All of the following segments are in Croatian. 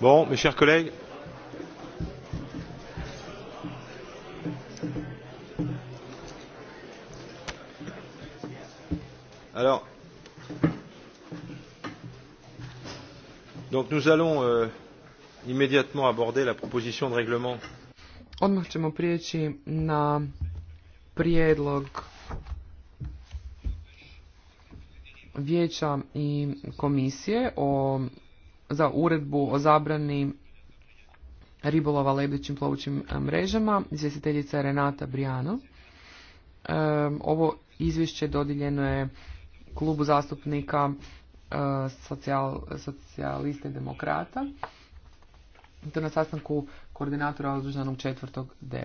Bon, mes chers collègues. Alors, donc nous allons euh, immédiatement aborder la proposition de règlement. Odmah ćemo prijeći na prijedlog vijeća i komisije o za uredbu o zabrani ribolova lebdećim plovućim e, mrežama, izvjestiteljica Renata Brijano. E, ovo izvješće dodijeljeno je klubu zastupnika e, socijal, i demokrata. I to na sastanku koordinatora održanom 4.9.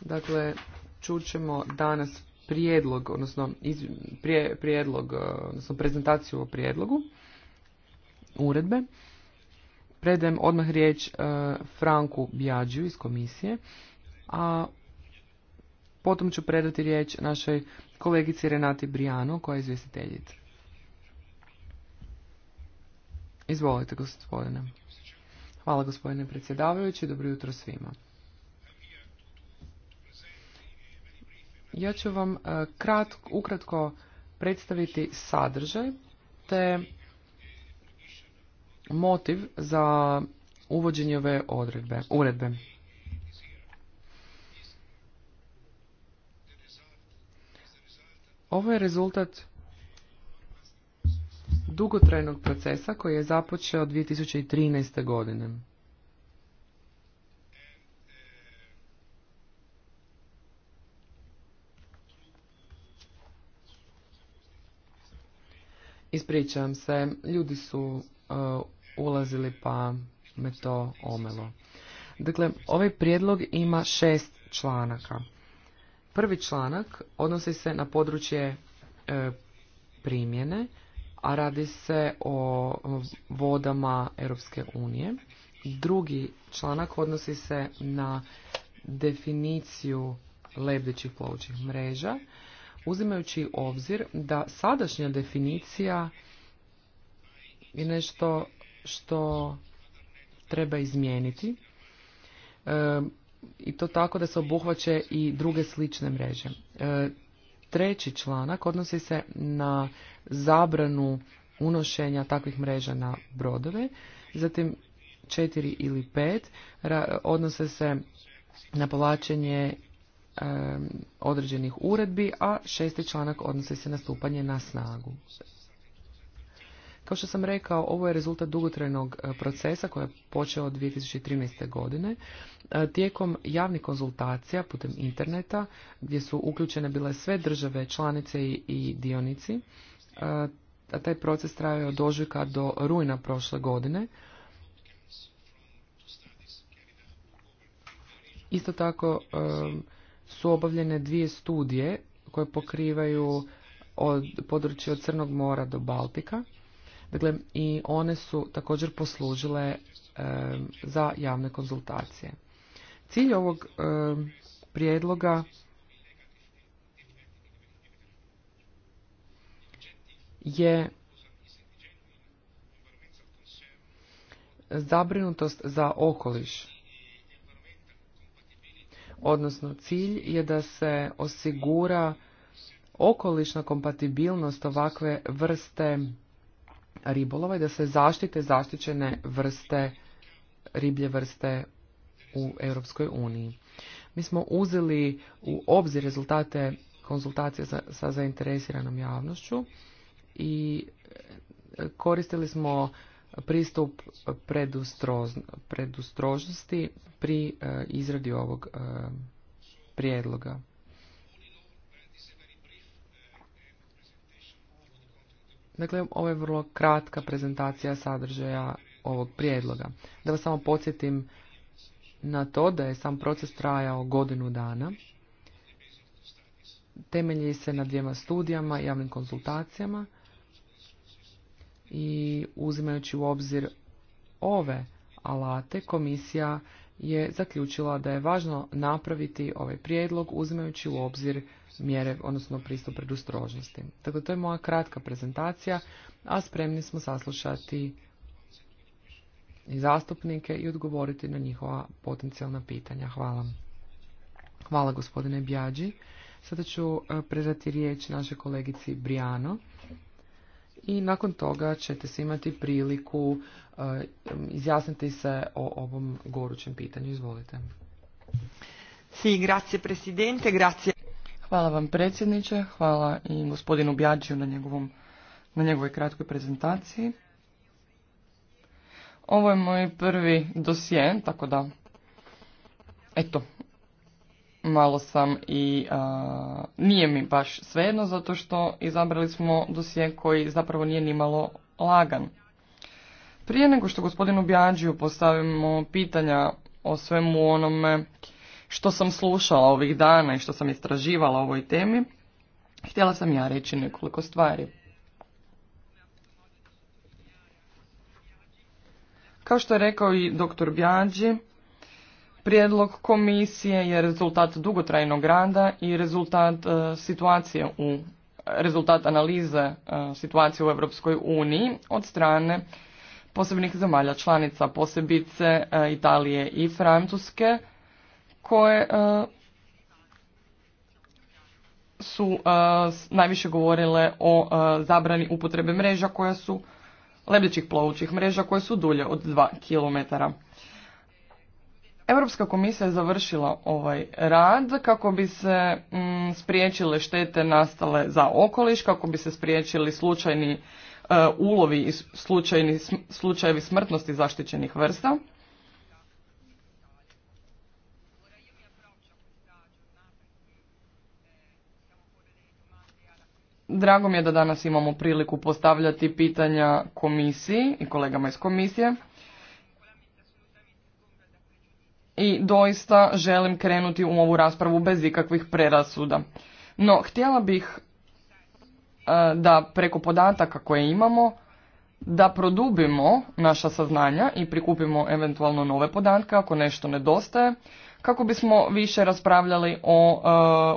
Dakle, čućemo danas prijedlog, odnosno prije, prijedlog, eh, odnosno prezentaciju o prijedlogu uredbe. Predajem odmah riječ eh, Franku Bjađu iz komisije, a potom ću predati riječ našoj kolegici Renati Brijano, koja je izvjestiteljica. Izvolite, gospodine. Hvala, gospodine predsjedavajući. Dobro jutro svima. Ja ću vam e, kratko, ukratko predstaviti sadržaj te motiv za uvođenje ove odredbe, uredbe. Ovo je rezultat dugotrajnog procesa koji je započeo 2013. godine. Ispričavam se, ljudi su e, ulazili pa me to omelo. Dakle, ovaj prijedlog ima šest članaka. Prvi članak odnosi se na područje e, primjene, a radi se o vodama Europske unije. Drugi članak odnosi se na definiciju lebdećih plovućih mreža uzimajući obzir da sadašnja definicija je nešto što treba izmijeniti um, i to tako da se obuhvaće i druge slične mreže. Um, treći članak odnosi se na zabranu unošenja takvih mreža na brodove, zatim četiri ili pet odnose se na povlačenje određenih uredbi, a šesti članak odnose se na stupanje na snagu. Kao što sam rekao, ovo je rezultat dugotrajnog e, procesa koji je počeo od 2013. godine. E, tijekom javnih konzultacija putem interneta, gdje su uključene bile sve države, članice i dionici, e, a taj proces trajao od ožujka do rujna prošle godine. Isto tako, su obavljene dvije studije koje pokrivaju od područje od Crnog mora do Baltika. Dakle, i one su također poslužile e, za javne konzultacije. Cilj ovog e, prijedloga je zabrinutost za okoliš odnosno cilj je da se osigura okolišna kompatibilnost ovakve vrste ribolova i da se zaštite zaštićene vrste riblje vrste u Europskoj uniji. Mi smo uzeli u obzir rezultate konzultacije sa zainteresiranom javnošću i e, koristili smo pristup predustrožnosti pri e, izradi ovog e, prijedloga. Dakle, ovo je vrlo kratka prezentacija sadržaja ovog prijedloga. Da vas samo podsjetim na to da je sam proces trajao godinu dana. Temelji se na dvijema studijama i javnim konzultacijama i uzimajući u obzir ove alate, komisija je zaključila da je važno napraviti ovaj prijedlog uzimajući u obzir mjere, odnosno pristup predustrožnosti. Dakle, to je moja kratka prezentacija, a spremni smo saslušati i zastupnike i odgovoriti na njihova potencijalna pitanja. Hvala. Hvala gospodine Bjađi. Sada ću e, predati riječ našoj kolegici Brijano i nakon toga ćete se imati priliku eh, izjasniti se o ovom gorućem pitanju. Izvolite. Si, grazie presidente, grazie. Hvala vam predsjedniče, hvala i gospodinu Bjađiju na, njegovom, na njegovoj kratkoj prezentaciji. Ovo je moj prvi dosijen, tako da, eto, malo sam i nije mi baš svejedno zato što izabrali smo dosije koji zapravo nije ni malo lagan. Prije nego što gospodinu Bjađiju postavimo pitanja o svemu onome što sam slušala ovih dana i što sam istraživala o ovoj temi, htjela sam ja reći nekoliko stvari. Kao što je rekao i doktor Bjađi, Prijedlog komisije je rezultat dugotrajnog rada i rezultat e, situacije u rezultat analize e, situacije u Europskoj uniji od strane posebnih zemalja članica, posebice e, Italije i Francuske, koje su najviše govorile o zabrani upotrebe mreža koja su lebdećih plovućih mreža koje su dulje od 2 km Europska komisija je završila ovaj rad kako bi se mm, spriječile štete nastale za okoliš, kako bi se spriječili slučajni e, ulovi i slučajni, slučajevi smrtnosti zaštićenih vrsta. Drago mi je da danas imamo priliku postavljati pitanja komisiji i kolegama iz komisije i doista želim krenuti u ovu raspravu bez ikakvih prerasuda. No, htjela bih e, da preko podataka koje imamo, da produbimo naša saznanja i prikupimo eventualno nove podatke ako nešto nedostaje, kako bismo više raspravljali o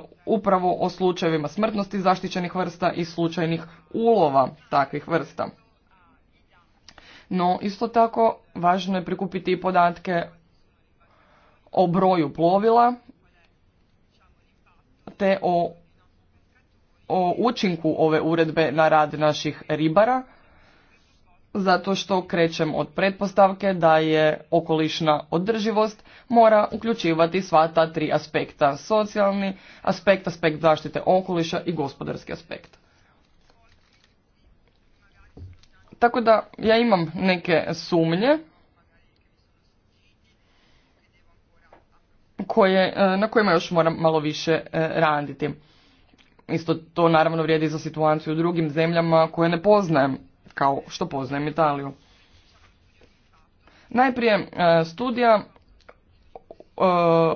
e, upravo o slučajevima smrtnosti zaštićenih vrsta i slučajnih ulova takvih vrsta. No, isto tako važno je prikupiti i podatke o broju plovila te o, o učinku ove uredbe na rad naših ribara zato što krećem od pretpostavke da je okolišna održivost mora uključivati sva ta tri aspekta, socijalni aspekt, aspekt zaštite okoliša i gospodarski aspekt. Tako da ja imam neke sumnje koje, e, na kojima još moram malo više e, raditi. Isto to naravno vrijedi za situaciju u drugim zemljama koje ne poznajem, kao što poznajem Italiju. Najprije e, studija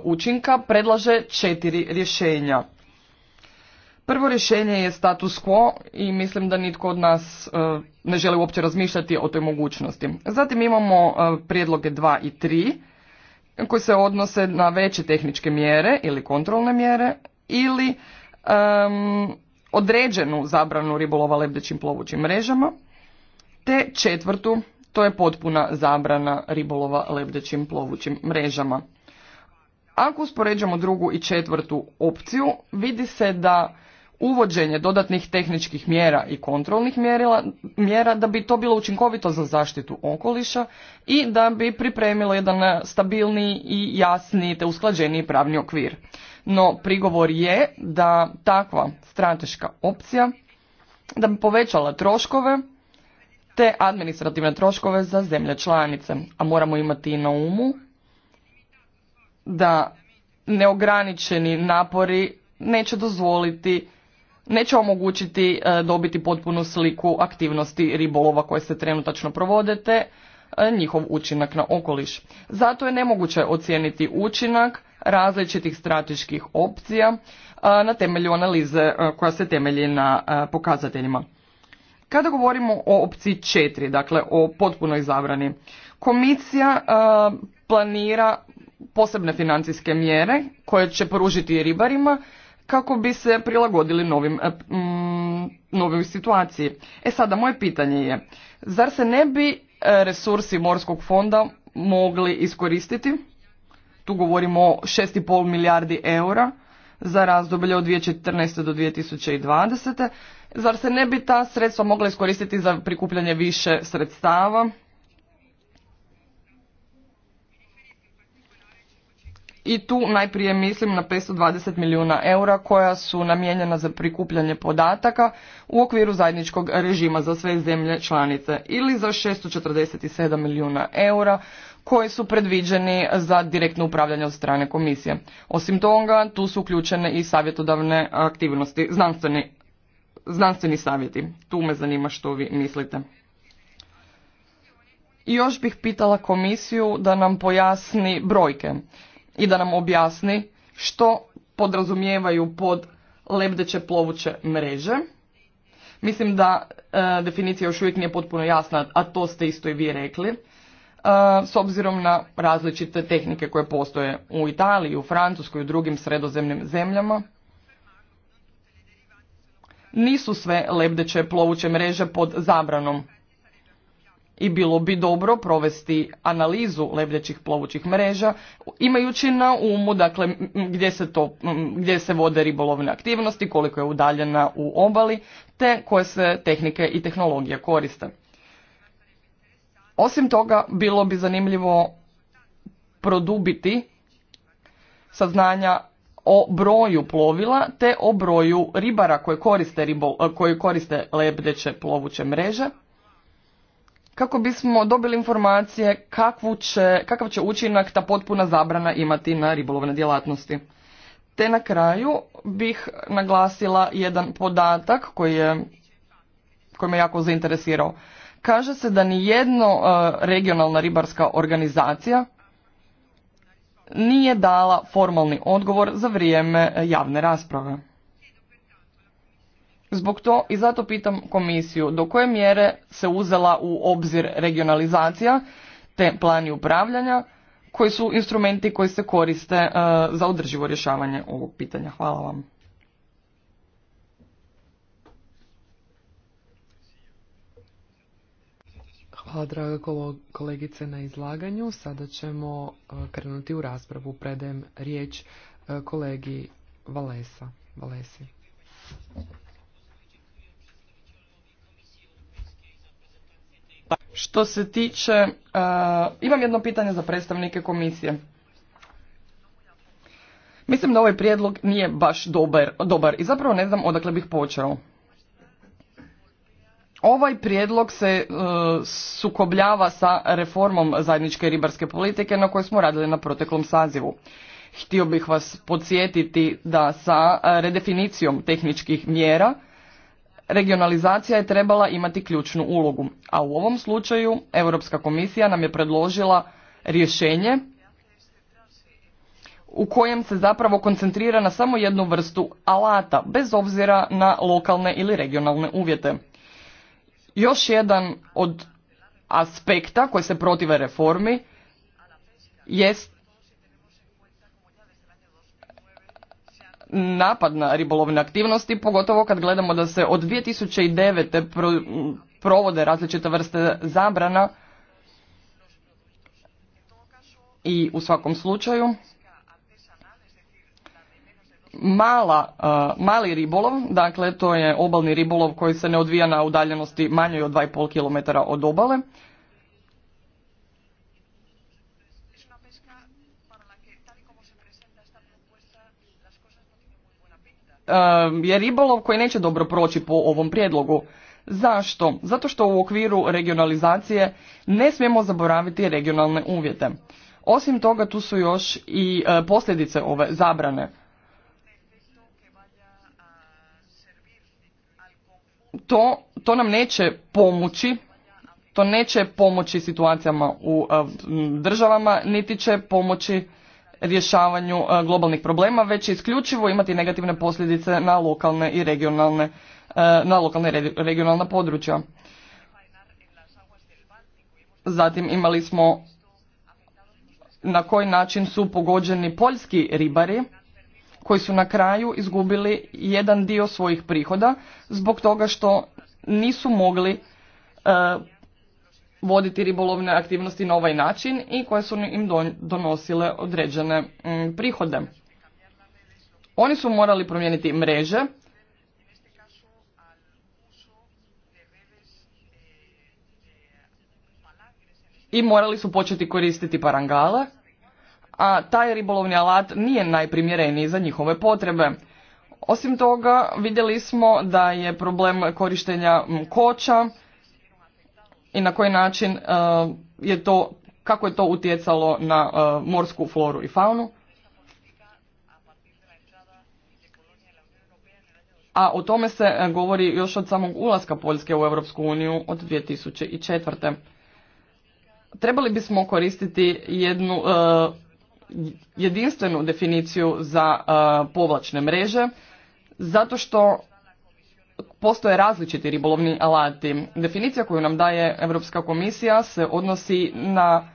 učinka predlaže četiri rješenja. Prvo rješenje je status quo i mislim da nitko od nas ne želi uopće razmišljati o toj mogućnosti. Zatim imamo prijedloge dva i tri koji se odnose na veće tehničke mjere ili kontrolne mjere ili um, određenu zabranu ribolova lebdećim plovućim mrežama te četvrtu to je potpuna zabrana ribolova lebdećim plovućim mrežama. Ako uspoređamo drugu i četvrtu opciju, vidi se da uvođenje dodatnih tehničkih mjera i kontrolnih mjerila, mjera da bi to bilo učinkovito za zaštitu okoliša i da bi pripremilo jedan stabilni i jasni te usklađeniji pravni okvir. No prigovor je da takva strateška opcija da bi povećala troškove te administrativne troškove za zemlje članice, a moramo imati i na umu da neograničeni napori neće dozvoliti neće omogućiti e, dobiti potpunu sliku aktivnosti ribolova koje se trenutačno provodete, e, njihov učinak na okoliš. Zato je nemoguće ocijeniti učinak različitih strateških opcija e, na temelju analize koja se temelji na pokazateljima. Kada govorimo o opciji 4, dakle o potpunoj zabrani, komisija planira posebne financijske mjere koje će poružiti ribarima kako bi se prilagodili novim, e, mm, situaciji. E sada, moje pitanje je, zar se ne bi e, resursi Morskog fonda mogli iskoristiti? Tu govorimo o 6,5 milijardi eura za razdoblje od 2014. do 2020. Zar se ne bi ta sredstva mogla iskoristiti za prikupljanje više sredstava? i tu najprije mislim na 520 milijuna eura koja su namijenjena za prikupljanje podataka u okviru zajedničkog režima za sve zemlje članice ili za 647 milijuna eura koji su predviđeni za direktno upravljanje od strane komisije. Osim toga, tu su uključene i savjetodavne aktivnosti, znanstveni, znanstveni savjeti. Tu me zanima što vi mislite. I još bih pitala komisiju da nam pojasni brojke i da nam objasni što podrazumijevaju pod lebdeće plovuće mreže. Mislim da e, definicija još uvijek nije potpuno jasna, a to ste isto i vi rekli, e, s obzirom na različite tehnike koje postoje u Italiji, u Francuskoj i u drugim sredozemnim zemljama. Nisu sve lebdeće plovuće mreže pod zabranom i bilo bi dobro provesti analizu lebdećih plovućih mreža imajući na umu dakle gdje se to gdje se vode ribolovne aktivnosti koliko je udaljena u obali te koje se tehnike i tehnologije koriste osim toga bilo bi zanimljivo produbiti saznanja o broju plovila te o broju ribara koje koriste, ribo, koji koriste lebdeće plovuće mreže kako bismo dobili informacije će, kakav će učinak ta potpuna zabrana imati na ribolovne djelatnosti. Te na kraju bih naglasila jedan podatak koji, je, koji me jako zainteresirao. Kaže se da ni jedno e, regionalna ribarska organizacija nije dala formalni odgovor za vrijeme javne rasprave. Zbog to i zato pitam komisiju do koje mjere se uzela u obzir regionalizacija te plani upravljanja koji su instrumenti koji se koriste e, za održivo rješavanje ovog pitanja. Hvala vam. Hvala draga kolegice na izlaganju. Sada ćemo e, krenuti u raspravu. Predajem riječ e, kolegi Valesa. Valesi. Što se tiče, e, imam jedno pitanje za predstavnike komisije. Mislim da ovaj prijedlog nije baš dobar, dobar i zapravo ne znam odakle bih počeo. Ovaj prijedlog se e, sukobljava sa reformom zajedničke ribarske politike na kojoj smo radili na proteklom sazivu. Htio bih vas podsjetiti da sa e, redefinicijom tehničkih mjera regionalizacija je trebala imati ključnu ulogu, a u ovom slučaju Europska komisija nam je predložila rješenje u kojem se zapravo koncentrira na samo jednu vrstu alata, bez obzira na lokalne ili regionalne uvjete. Još jedan od aspekta koji se protive reformi jest napad na ribolovne aktivnosti, pogotovo kad gledamo da se od 2009. Pro, provode različite vrste zabrana i u svakom slučaju mala, mali ribolov, dakle to je obalni ribolov koji se ne odvija na udaljenosti manjoj od 2,5 km od obale, je ribolov koji neće dobro proći po ovom prijedlogu. Zašto? Zato što u okviru regionalizacije ne smijemo zaboraviti regionalne uvjete. Osim toga tu su još i e, posljedice ove zabrane. To, to nam neće pomoći, to neće pomoći situacijama u e, državama, niti će pomoći rješavanju e, globalnih problema, već isključivo imati negativne posljedice na lokalne i regionalne, e, na lokalne i regionalna područja. Zatim imali smo na koji način su pogođeni poljski ribari koji su na kraju izgubili jedan dio svojih prihoda zbog toga što nisu mogli e, voditi ribolovne aktivnosti na ovaj način i koje su im donosile određene mm, prihode. Oni su morali promijeniti mreže, i morali su početi koristiti parangale, a taj ribolovni alat nije najprimjereniji za njihove potrebe. Osim toga, vidjeli smo da je problem korištenja mm, koča, i na koji način e, je to, kako je to utjecalo na e, morsku floru i faunu. A o tome se e, govori još od samog ulaska Poljske u Europsku uniju od 2004. Trebali bismo koristiti jednu jedinstvenu definiciju za povlačne mreže zato što postoje različiti ribolovni alati. Definicija koju nam daje Europska komisija se odnosi na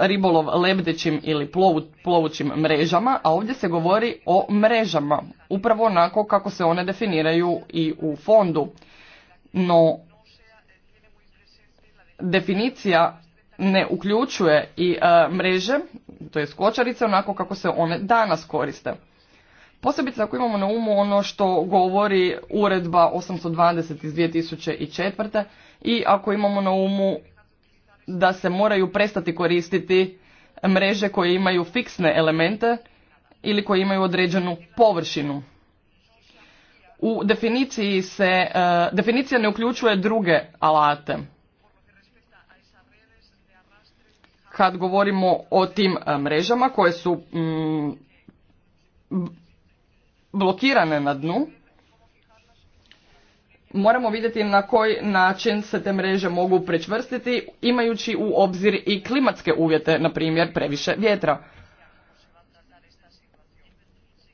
ribolov lebdećim ili plovućim mrežama, a ovdje se govori o mrežama, upravo onako kako se one definiraju i u fondu. No, definicija ne uključuje i e, mreže, to je skočarice, onako kako se one danas koriste. Posebice ako imamo na umu ono što govori uredba 820 iz 2004. i ako imamo na umu da se moraju prestati koristiti mreže koje imaju fiksne elemente ili koje imaju određenu površinu. U definiciji se, e, definicija ne uključuje druge alate. Kad govorimo o tim e, mrežama koje su mm, blokirane na dnu, moramo vidjeti na koji način se te mreže mogu prečvrstiti imajući u obzir i klimatske uvjete, na primjer previše vjetra.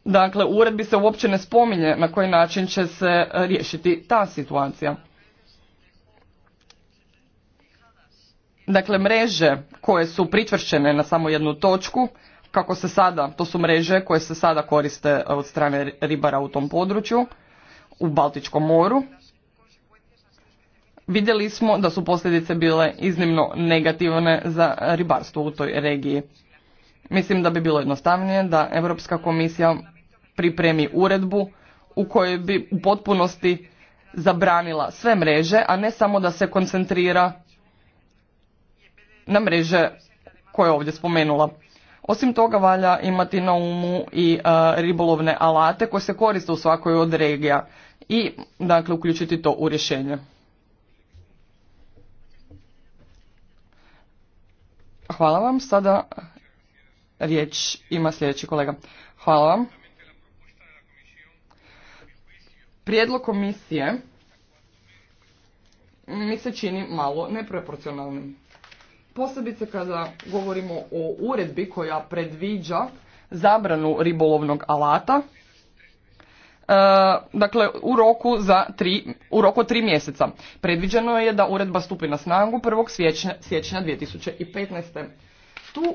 Dakle, uredbi se uopće ne spominje na koji način će se riješiti ta situacija. Dakle, mreže koje su pričvršćene na samo jednu točku kako se sada, to su mreže koje se sada koriste e, od strane ribara u tom području, u Baltičkom moru. Vidjeli smo da su posljedice bile iznimno negativne za ribarstvo u toj regiji. Mislim da bi bilo jednostavnije da Europska komisija pripremi uredbu u kojoj bi u potpunosti zabranila sve mreže, a ne samo da se koncentrira na mreže koje je ovdje spomenula. Osim toga valja imati na umu i e, ribolovne alate koje se koriste u svakoj od regija i dakle uključiti to u rješenje. Hvala vam. Sada riječ ima sljedeći kolega. Hvala vam. Prijedlog komisije mi se čini malo neproporcionalnim posebice kada govorimo o uredbi koja predviđa zabranu ribolovnog alata e, dakle u roku za tri, u roku tri mjeseca. Predviđeno je da uredba stupi na snagu 1. siječnja, siječnja 2015. Tu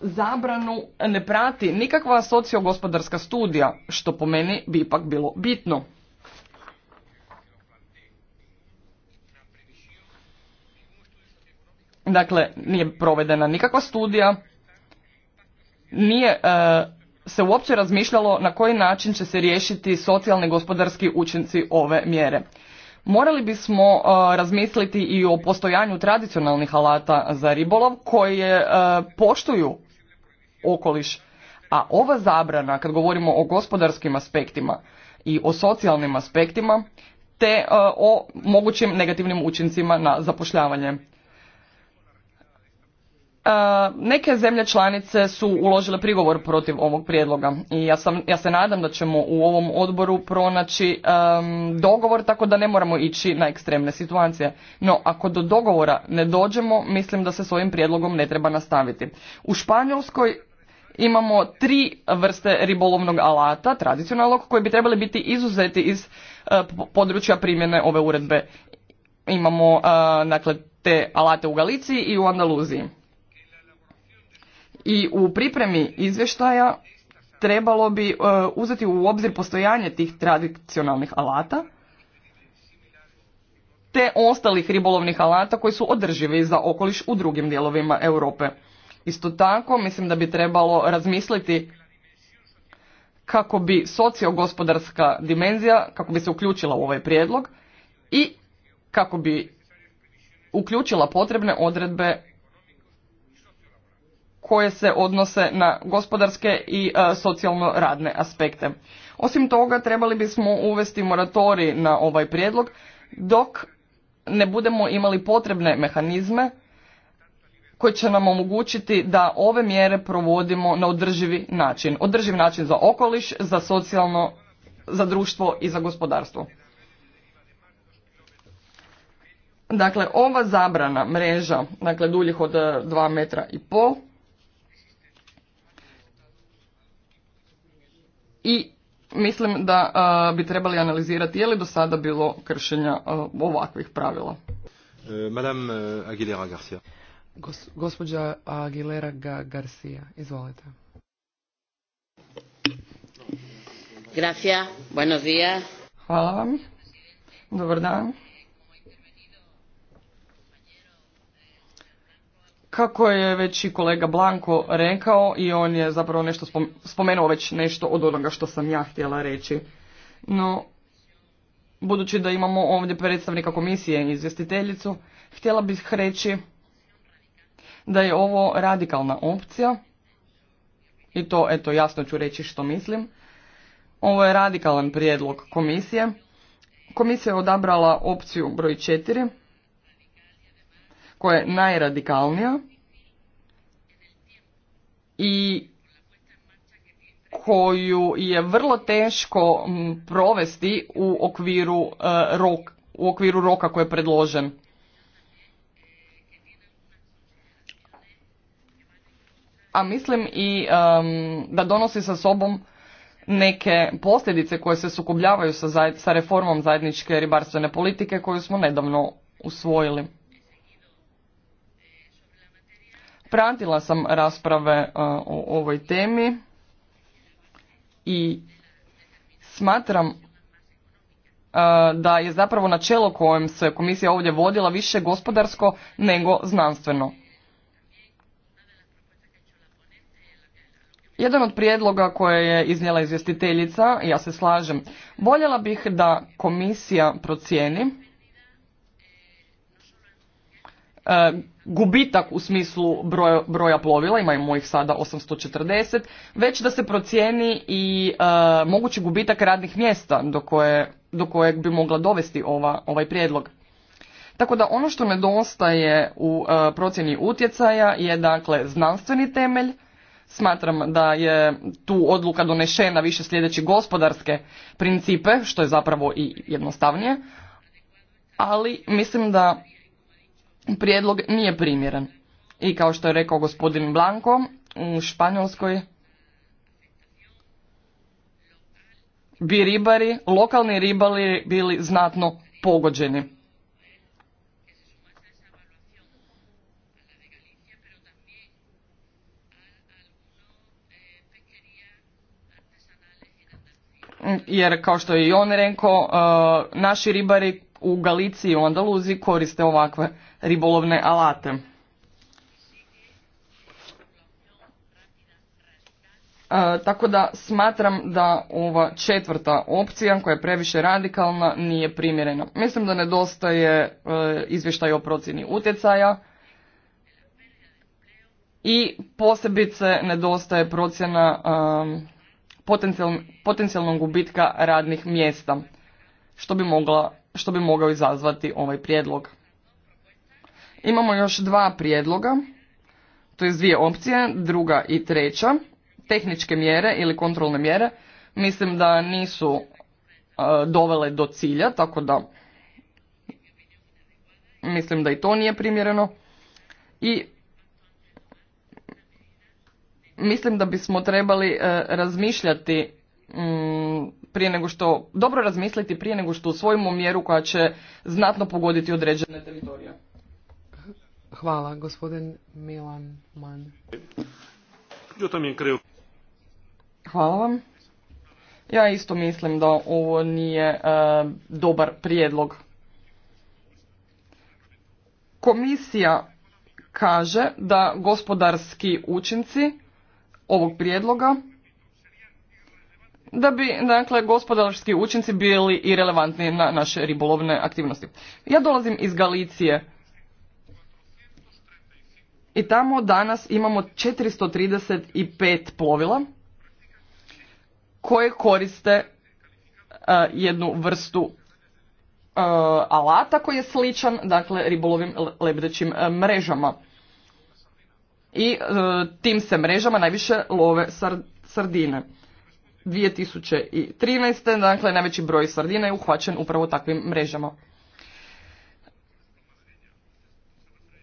zabranu ne prati nikakva sociogospodarska studija, što po meni bi ipak bilo bitno. Dakle, nije provedena nikakva studija, nije e, se uopće razmišljalo na koji način će se riješiti socijalni gospodarski učinci ove mjere. Morali bismo e, razmisliti i o postojanju tradicionalnih alata za ribolov koje e, poštuju okoliš, a ova zabrana kad govorimo o gospodarskim aspektima i o socijalnim aspektima te o mogućim negativnim učincima na zapošljavanje neke zemlje članice su uložile prigovor protiv ovog prijedloga i ja, sam, ja se nadam da ćemo u ovom odboru pronaći dogovor tako da ne moramo ići na ekstremne situacije. No, ako do dogovora ne dođemo, mislim da se s ovim prijedlogom ne treba nastaviti. U Španjolskoj imamo tri vrste ribolovnog alata, tradicionalnog, koji bi trebali biti izuzeti iz e, područja primjene ove uredbe. Imamo dakle, te alate u Galiciji i u Andaluziji i u pripremi izvještaja trebalo bi e, uzeti u obzir postojanje tih tradicionalnih alata te ostalih ribolovnih alata koji su održivi za okoliš u drugim dijelovima Europe. Isto tako mislim da bi trebalo razmisliti kako bi sociogospodarska dimenzija, kako bi se uključila u ovaj prijedlog i kako bi uključila potrebne odredbe koje se odnose na gospodarske i e, socijalno radne aspekte. Osim toga, trebali bismo uvesti moratorij na ovaj prijedlog dok ne budemo imali potrebne mehanizme koji će nam omogućiti da ove mjere provodimo na održivi način. Održiv način za okoliš, za socijalno, za društvo i za gospodarstvo. Dakle, ova zabrana mreža, dakle duljih od 2 e, metra i pol, i mislim da bi trebali analizirati je li do sada bilo kršenja ovakvih pravila. E, madame e, Aguilera Garcia. Gos, gospođa Aguilera Garcia, izvolite. Gracias, buenos días. Hvala vam. Dobar dan. Kako je već i kolega Blanko rekao i on je zapravo nešto spomenuo već nešto od onoga što sam ja htjela reći. No, budući da imamo ovdje predstavnika komisije i izvjestiteljicu, htjela bih reći da je ovo radikalna opcija i to eto jasno ću reći što mislim. Ovo je radikalan prijedlog komisije. Komisija je odabrala opciju broj četiri koja je najradikalnija i koju je vrlo teško provesti u okviru, e, rok, u okviru roka koji je predložen. A mislim i da donosi sa sobom neke posljedice koje se sukobljavaju sa, sa reformom zajedničke ribarstvene politike koju smo nedavno usvojili. Pratila sam rasprave e, o ovoj temi i smatram e, da je zapravo načelo kojem se komisija ovdje vodila više gospodarsko nego znanstveno. Jedan od prijedloga koje je iznijela izvjestiteljica, ja se slažem, voljela bih da komisija procijeni E, gubitak u smislu broja, plovila, imamo ih sada 840, već da se procijeni i e, mogući gubitak radnih mjesta do, kojeg bi mogla dovesti ovaj prijedlog. Tako da ono što nedostaje u e, procjeni utjecaja je dakle znanstveni temelj, Smatram da je tu odluka donešena više sljedeći gospodarske principe, što je zapravo i jednostavnije, ali mislim da prijedlog nije primjeren. I kao što je rekao gospodin Blanko, u Španjolskoj bi ribari, lokalni ribari bili znatno pogođeni. Jer kao što je i on rekao, eh, naši ribari u Galiciji i u Andaluziji koriste ovakve ribolovne alate. E, tako da smatram da ova četvrta opcija koja je previše radikalna nije primjerena. Mislim da nedostaje e, izvještaj o procjeni utjecaja i posebice nedostaje procjena e, potencijalnog gubitka radnih mjesta što bi mogla što bi mogao izazvati ovaj prijedlog. Imamo još dva prijedloga, to je dvije opcije, druga i treća, tehničke mjere ili kontrolne mjere. Mislim da nisu e, dovele do cilja, tako da mislim da i to nije primjereno. I mislim da bismo trebali e, razmišljati mm, prije nego što, dobro razmisliti prije nego što usvojimo mjeru koja će znatno pogoditi određene teritorije. Hvala, gospodin Milan Man. Hvala vam. Ja isto mislim da ovo nije e, dobar prijedlog. Komisija kaže da gospodarski učinci ovog prijedloga da bi dakle, gospodarski učinci bili i relevantni na naše ribolovne aktivnosti. Ja dolazim iz Galicije i tamo danas imamo 435 plovila koje koriste e, jednu vrstu e, alata koji je sličan dakle, ribolovim lebdećim e, mrežama. I tim se mrežama najviše love sardine. 2013. Dakle, najveći broj sardina je uhvaćen upravo takvim mrežama.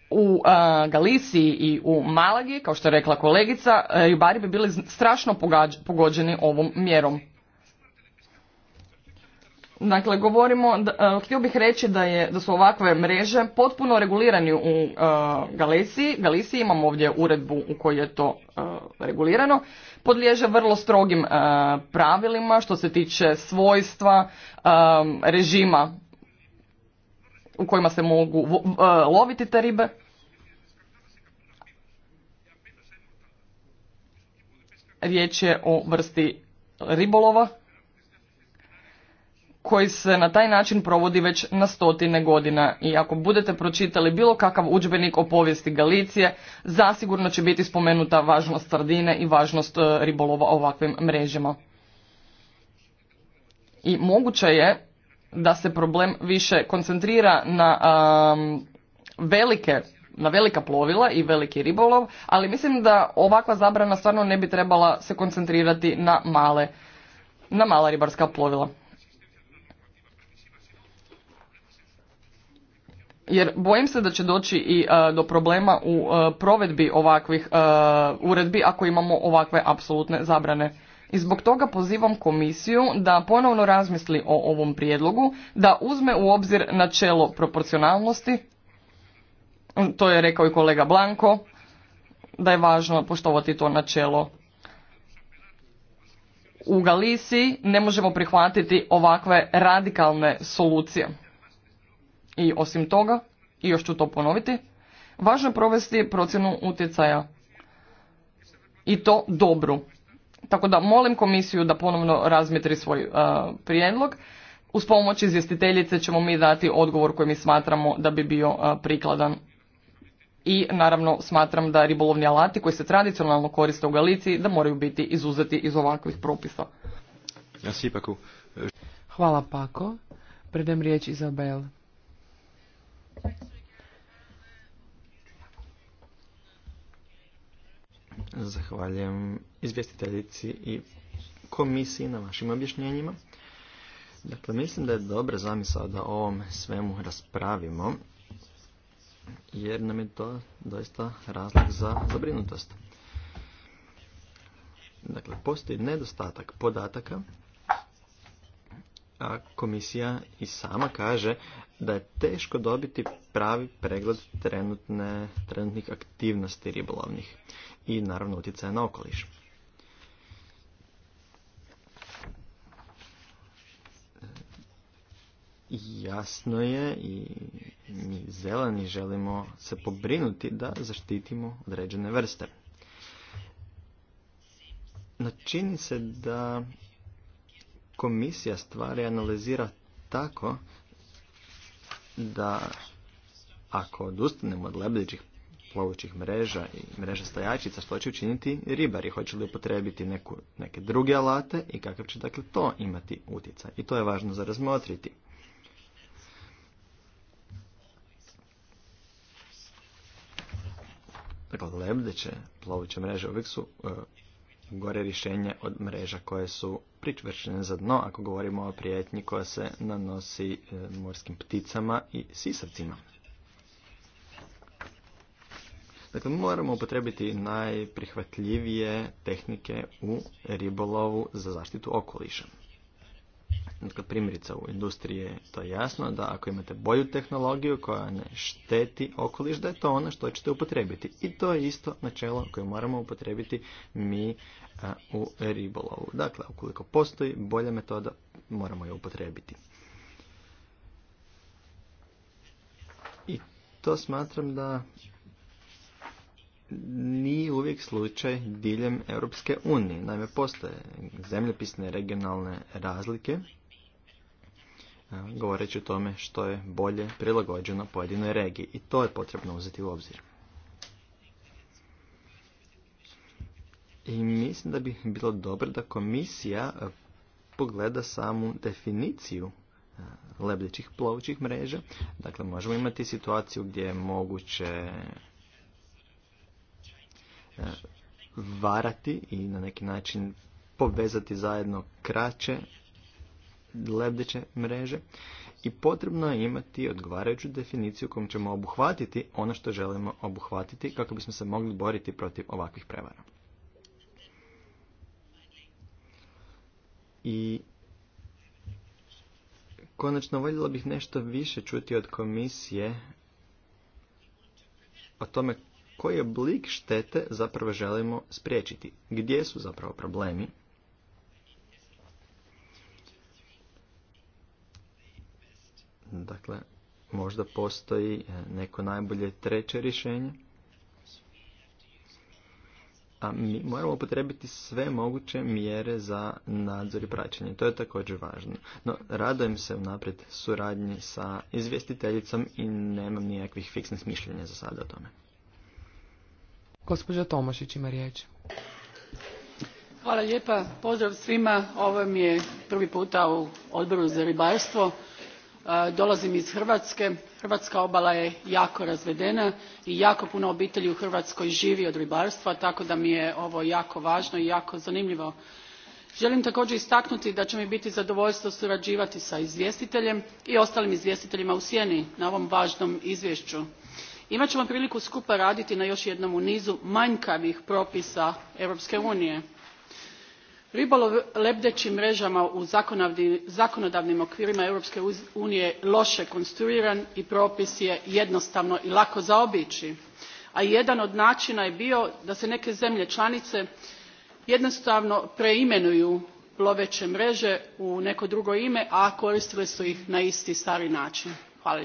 U Galiciji i u Malagi, kao što je rekla kolegica, jubari bi bili strašno pogođeni ovom mjerom. Dakle, govorimo, e, htio bih reći da, je, da su ovakve mreže potpuno regulirani u uh, e, Galiciji. Galiciji imamo ovdje uredbu u kojoj je to e, regulirano. Podliježe vrlo strogim pravilima što se tiče svojstva, režima u kojima se mogu loviti te ribe. Riječ je o vrsti ribolova koji se na taj način provodi već na stotine godina i ako budete pročitali bilo kakav udžbenik o povijesti Galicije, zasigurno će biti spomenuta važnost sardine i važnost e, ribolova ovakvim mrežima. I moguće je da se problem više koncentrira na velike na velika plovila i veliki ribolov, ali mislim da ovakva zabrana stvarno ne bi trebala se koncentrirati na male na mala ribarska plovila. jer bojim se da će doći i e, do problema u e, provedbi ovakvih e, uredbi ako imamo ovakve apsolutne zabrane. I zbog toga pozivam komisiju da ponovno razmisli o ovom prijedlogu, da uzme u obzir načelo proporcionalnosti, mm, to je rekao i kolega Blanko, da je važno poštovati to načelo. U Galiciji ne možemo prihvatiti ovakve radikalne solucije. I osim toga, i još ću to ponoviti, važno je provesti procjenu utjecaja. I to dobru. Tako da molim komisiju da ponovno razmetri svoj e, prijedlog. Uz pomoć izvjestiteljice ćemo mi dati odgovor koji mi smatramo da bi bio e, prikladan. I naravno smatram da ribolovni alati koji se tradicionalno koriste u Galiciji da moraju biti izuzeti iz ovakvih propisa. Hvala Pako. Predem riječ Izabel. Zahvaljujem izvjestiteljici i komisiji na vašim objašnjenjima. Dakle, mislim da je dobra zamisao da o ovom svemu raspravimo, jer nam je to doista razlog za zabrinutost. Dakle, postoji nedostatak podataka a komisija i sama kaže da je teško dobiti pravi pregled trenutne, trenutnih aktivnosti ribolovnih i naravno utjecaja na okoliš. Jasno je i mi zeleni želimo se pobrinuti da zaštitimo određene vrste. Načini se da komisija stvari analizira tako da ako odustanemo od lebdećih plovućih mreža i mreža stajačica, što će učiniti ribari? Hoće li upotrebiti neku, neke druge alate i kakav će dakle to imati utjecaj? I to je važno za razmotriti. Dakle, lebdeće plovuće mreže uvijek su e, gore rješenje od mreža koje su pričvršene za dno ako govorimo o prijetnji koja se nanosi e, morskim pticama i sisavcima. Dakle, moramo upotrebiti najprihvatljivije tehnike u ribolovu za zaštitu okoliša. Dakle, primjerica u industriji je to jasno da ako imate bolju tehnologiju koja ne šteti okoliš, da je to ono što ćete upotrebiti. I to je isto načelo koje moramo upotrebiti mi e, u ribolovu. Dakle, ukoliko postoji bolja metoda, moramo je upotrebiti. I to smatram da nije uvijek slučaj diljem Europske unije. Naime, postoje zemljopisne regionalne razlike, govoreći o tome što je bolje prilagođeno pojedinoj regiji. I to je potrebno uzeti u obzir. I mislim da bi bilo dobro da komisija pogleda samu definiciju lebdećih plovućih mreža. Dakle, možemo imati situaciju gdje je moguće varati i na neki način povezati zajedno kraće lebdeće mreže i potrebno je imati odgovarajuću definiciju kojom ćemo obuhvatiti ono što želimo obuhvatiti kako bismo se mogli boriti protiv ovakvih prevara. I konačno voljela bih nešto više čuti od komisije o tome koji oblik štete zapravo želimo spriječiti. Gdje su zapravo problemi? Dakle, možda postoji e, neko najbolje treće rješenje. A mi moramo potrebiti sve moguće mjere za nadzor i praćenje. To je također važno. No, radojem se unaprijed suradnji sa izvjestiteljicom i nemam nijakvih fiksnih mišljenja za sada o tome. Gospođa Tomašić ima riječ. Hvala lijepa. Pozdrav svima. Ovo mi je prvi puta u odboru za ribarstvo. dolazim iz Hrvatske. Hrvatska obala je jako razvedena i jako puno obitelji u Hrvatskoj živi od ribarstva, tako da mi je ovo jako važno i jako zanimljivo. Želim također istaknuti da će mi biti zadovoljstvo surađivati sa izvjestiteljem i ostalim izvjestiteljima u sjeni na ovom važnom izvješću imat ćemo priliku skupa raditi na još jednom u nizu manjkavih propisa europske unije. ribolov lebdećim mrežama u zakonodavnim okvirima europske unije loše konstruiran i propis je jednostavno i lako zaobići a jedan od načina je bio da se neke zemlje članice jednostavno preimenuju loveće mreže u neko drugo ime a koristile su ih na isti stari način. hvala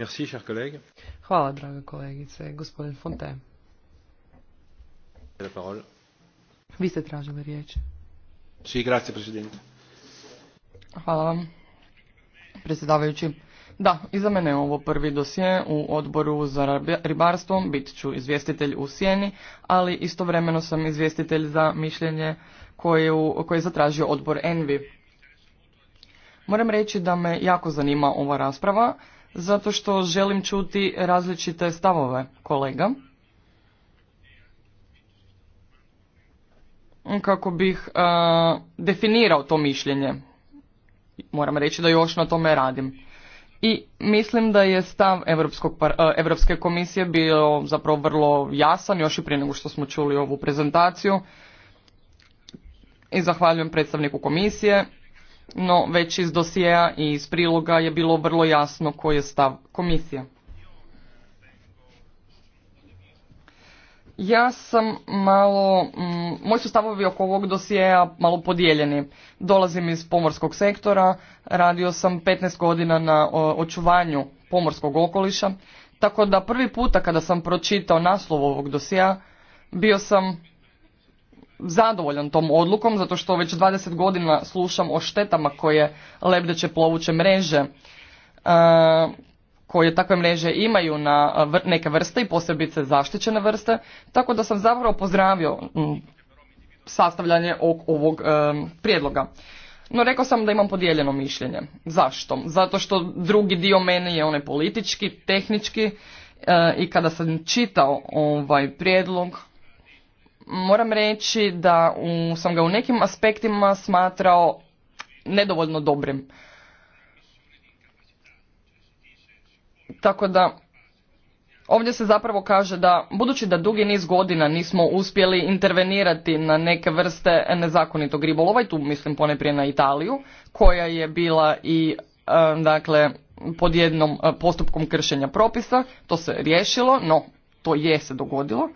Merci, cher collègue. Hvala, draga kolegice. Gospodin Fonte. La parole. Vi ste tražili riječ. Si, grazie, presidente. Hvala vam, predsjedavajući. Da, iza mene je ovo prvi dosje u odboru za ribarstvo, bit ću izvjestitelj u Sjeni, ali istovremeno sam izvjestitelj za mišljenje koje, koje je zatražio odbor Envi. Moram reći da me jako zanima ova rasprava, zato što želim čuti različite stavove kolega. Kako bih e, definirao to mišljenje. Moram reći da još na tome radim. I mislim da je stav Europske e, komisije bio zapravo vrlo jasan, još i prije nego što smo čuli ovu prezentaciju. I zahvaljujem predstavniku komisije no već iz dosijeja i iz priloga je bilo vrlo jasno koji je stav komisije. Ja sam malo, mm, moji su stavovi oko ovog dosijeja malo podijeljeni. Dolazim iz pomorskog sektora, radio sam 15 godina na očuvanju pomorskog okoliša, tako da prvi puta kada sam pročitao naslov ovog dosijeja, bio sam zadovoljan tom odlukom zato što već 20 godina slušam o štetama koje lebdeće plovuće mreže e, koje takve mreže imaju na neke vrste i posebice zaštićene vrste, tako da sam zapravo pozdravio sastavljanje ovog e, prijedloga. No rekao sam da imam podijeljeno mišljenje. Zašto? Zato što drugi dio mene je onaj politički, tehnički e, i kada sam čitao ovaj prijedlog moram reći da sam ga u nekim aspektima smatrao nedovoljno dobrim. Tako da ovdje se zapravo kaže da budući da dugi niz godina nismo uspjeli intervenirati na neke vrste nezakonitog ribolova i tu mislim poneprije na Italiju koja je bila i e, dakle pod jednom e, postupkom kršenja propisa, to se riješilo, no to je se dogodilo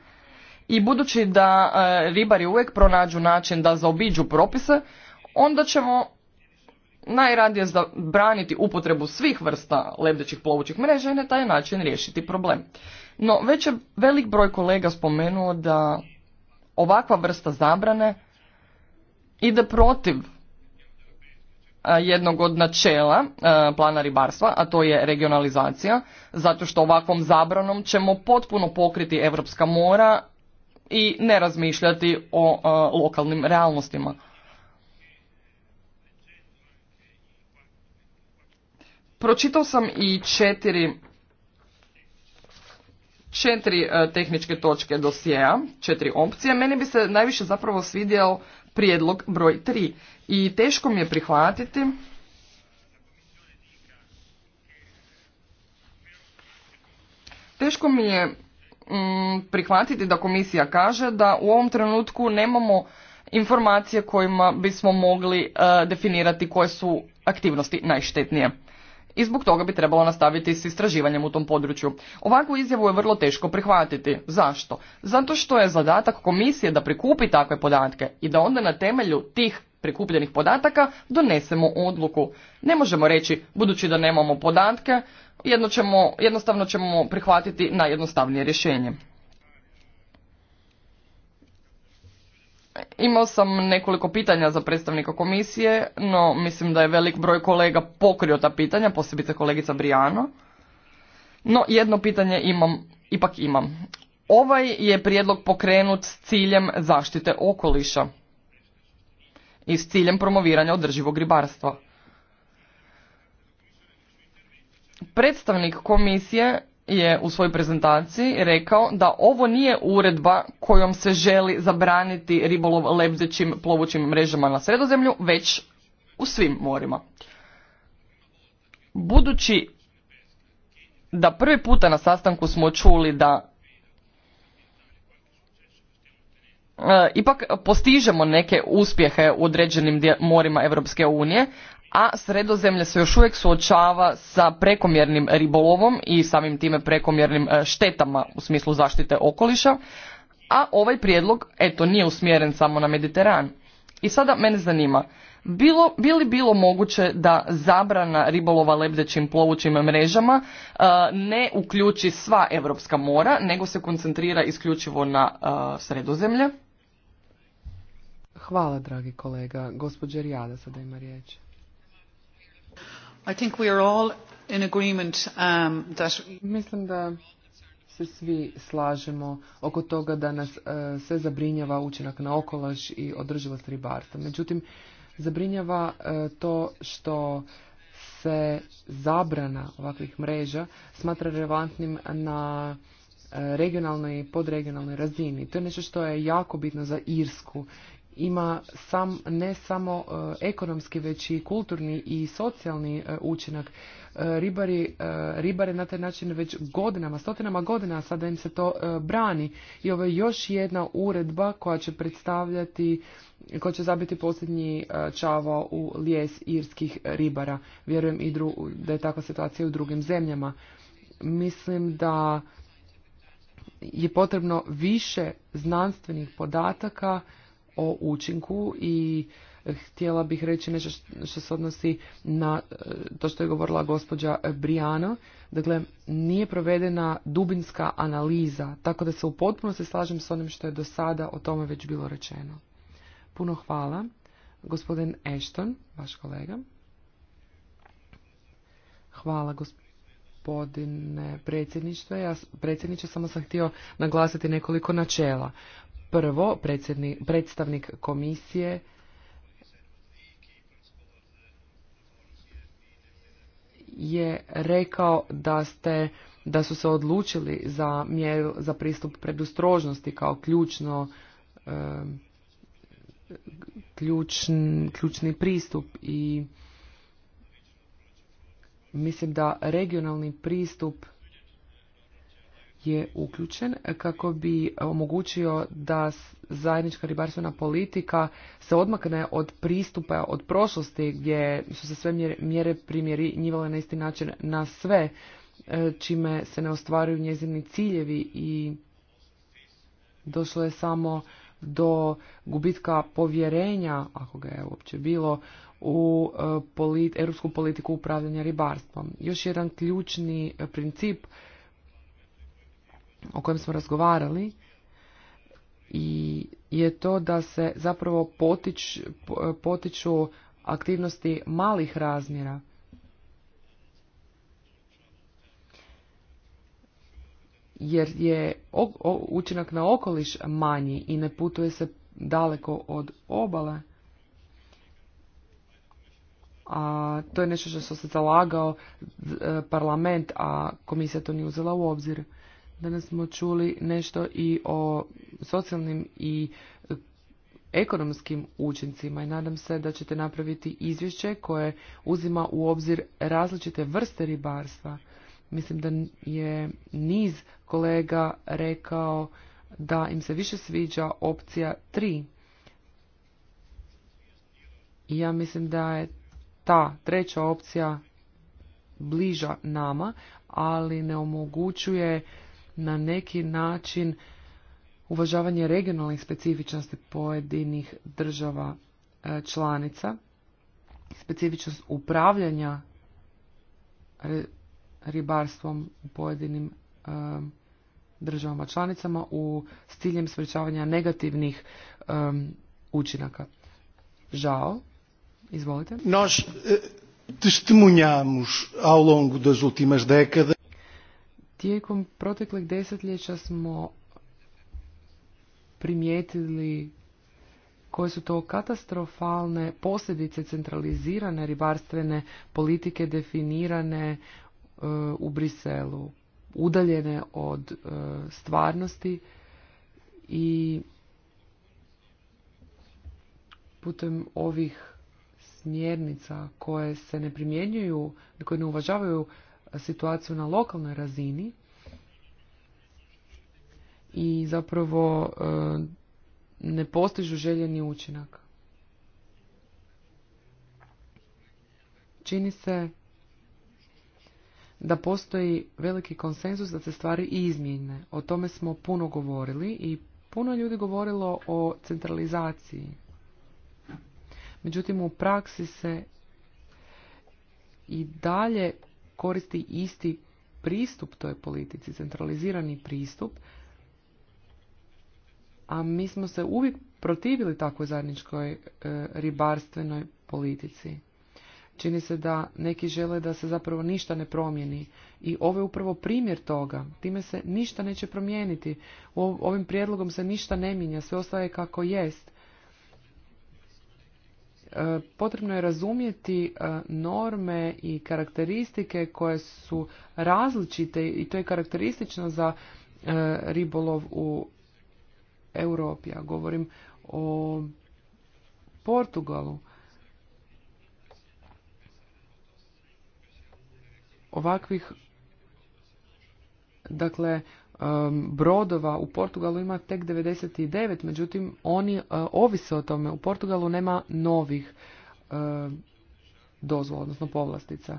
i budući da e, ribari uvijek pronađu način da zaobiđu propise, onda ćemo najradije zabraniti upotrebu svih vrsta lebdećih plovućih mreža i na taj način riješiti problem. No, već je velik broj kolega spomenuo da ovakva vrsta zabrane ide protiv e, jednog od načela e, plana ribarstva, a to je regionalizacija, zato što ovakvom zabranom ćemo potpuno pokriti evropska mora i ne razmišljati o e, lokalnim realnostima. Pročitao sam i četiri, četiri e, tehničke točke dosjea, četiri opcije. Meni bi se najviše zapravo svidjel prijedlog broj tri. i teško mi je prihvatiti teško mi je Mm, prihvatiti da komisija kaže da u ovom trenutku nemamo informacije kojima bismo mogli e, definirati koje su aktivnosti najštetnije i zbog toga bi trebalo nastaviti s istraživanjem u tom području. Ovakvu izjavu je vrlo teško prihvatiti. Zašto? Zato što je zadatak komisije da prikupi takve podatke i da onda na temelju tih prikupljenih podataka donesemo odluku. Ne možemo reći, budući da nemamo podatke, jedno ćemo, jednostavno ćemo prihvatiti najjednostavnije rješenje. Imao sam nekoliko pitanja za predstavnika komisije, no mislim da je velik broj kolega pokrio ta pitanja, posebice kolegica Brijano. No jedno pitanje imam, ipak imam. Ovaj je prijedlog pokrenut s ciljem zaštite okoliša i s ciljem promoviranja održivog ribarstva. Predstavnik komisije je u svojoj prezentaciji rekao da ovo nije uredba kojom se želi zabraniti ribolov lebdećim plovućim mrežama na sredozemlju, već u svim morima. Budući da prvi puta na sastanku smo čuli da E, ipak postižemo neke uspjehe u određenim morima Europske unije, a sredozemlje se još uvijek suočava sa prekomjernim ribolovom i samim time prekomjernim e, štetama u smislu zaštite okoliša, a ovaj prijedlog, eto, nije usmjeren samo na Mediteran. I sada mene zanima, bilo, bi li bilo moguće da zabrana ribolova lebdećim plovućim mrežama e, ne uključi sva europska mora, nego se koncentrira isključivo na sredozemlje? Hvala, dragi kolega. Gospođa Rijada sada ima riječ. Mislim da se svi slažemo oko toga da nas e, sve zabrinjava učinak na okolaš i održivost ribarstva. Međutim, zabrinjava e, to što se zabrana ovakvih mreža smatra relevantnim na e, regionalnoj i podregionalnoj razini. To je nešto što je jako bitno za Irsku ima sam, ne samo e, ekonomski, već i kulturni i socijalni e, učinak. E, ribari, ribare na taj način već godinama, stotinama godina, sada im se to brani. I ovo je još jedna uredba koja će predstavljati, koja će zabiti posljednji čavo u lijes irskih ribara. Vjerujem i da je takva situacija u drugim zemljama. Mislim da je potrebno više znanstvenih podataka o učinku i eh, htjela bih reći nešto što se odnosi na eh, to što je govorila gospođa eh, Brijano, Dakle, nije provedena dubinska analiza, tako da se u potpunosti slažem s onim što je do sada o tome već bilo rečeno. Puno hvala. Gospodin Ashton, vaš kolega. Hvala gospodine predsjedniče. Ja, predsjedniče, samo sam htio naglasiti nekoliko načela. Prvo, predstavnik komisije je rekao da ste da su se odlučili za mjeru za pristup predustrožnosti kao ključno ključni pristup i mislim da regionalni pristup je uključen kako bi omogućio da zajednička ribarstvena politika se odmakne od pristupa od prošlosti gdje su se sve mjere primjerivale na isti način na sve e, čime se ne ostvaruju njezini ciljevi i došlo je samo do gubitka povjerenja, ako ga je uopće bilo, u e, europsku politiku upravljanja ribarstvom. Još jedan ključni e, princip o kojem smo razgovarali i je to da se zapravo potiču aktivnosti malih razmjera. Jer je učinak na okoliš manji i ne putuje se daleko od obale. A to je nešto što se zalagao e, parlament, a komisija to nije uzela u obzir. Danas smo čuli nešto i o socijalnim i ekonomskim učincima i nadam se da ćete napraviti izvješće koje uzima u obzir različite vrste ribarstva. Mislim da je niz kolega rekao da im se više sviđa opcija 3. I ja mislim da je ta treća opcija bliža nama, ali ne omogućuje na neki način uvažavanje regionalnih specifičnosti pojedinih država e, članica, specifičnost upravljanja ribarstvom u pojedinim e, državama članicama u s ciljem sprječavanja negativnih e, učinaka. Žao, izvolite. Nós eh, testemunhamos ao longo das últimas décadas Tijekom proteklih desetljeća smo primijetili koje su to katastrofalne posljedice centralizirane ribarstvene politike definirane e, u Briselu, udaljene od e, stvarnosti i putem ovih smjernica koje se ne primjenjuju, koje ne uvažavaju situaciju na lokalnoj razini i zapravo e, ne postižu željeni učinak. Čini se da postoji veliki konsenzus da se stvari izmjene. O tome smo puno govorili i puno ljudi govorilo o centralizaciji. Međutim, u praksi se i dalje koristi isti pristup toj politici, centralizirani pristup, a mi smo se uvijek protivili takvoj zajedničkoj e, ribarstvenoj politici. Čini se da neki žele da se zapravo ništa ne promijeni i ovo je upravo primjer toga. Time se ništa neće promijeniti. ovim prijedlogom se ništa ne mijenja, sve ostaje kako jest. E, potrebno je razumjeti e, norme i karakteristike koje su različite i to je karakteristično za e, ribolov u Europi. Ja govorim o Portugalu. Ovakvih, dakle, Um, brodova u Portugalu ima tek 99, međutim oni uh, ovise o tome. U Portugalu nema novih um, dozvola, odnosno povlastica.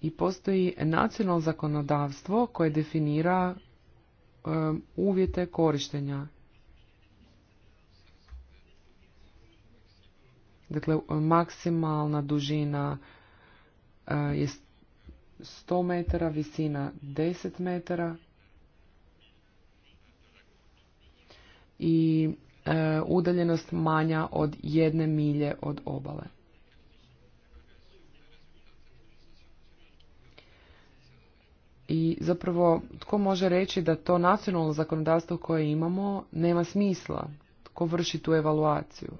I postoji nacionalno zakonodavstvo koje definira um, uvjete korištenja. Dakle, maksimalna dužina uh, je 100 metara, visina 10 metara i e, udaljenost manja od jedne milje od obale. I zapravo, tko može reći da to nacionalno zakonodavstvo koje imamo nema smisla? Tko vrši tu evaluaciju?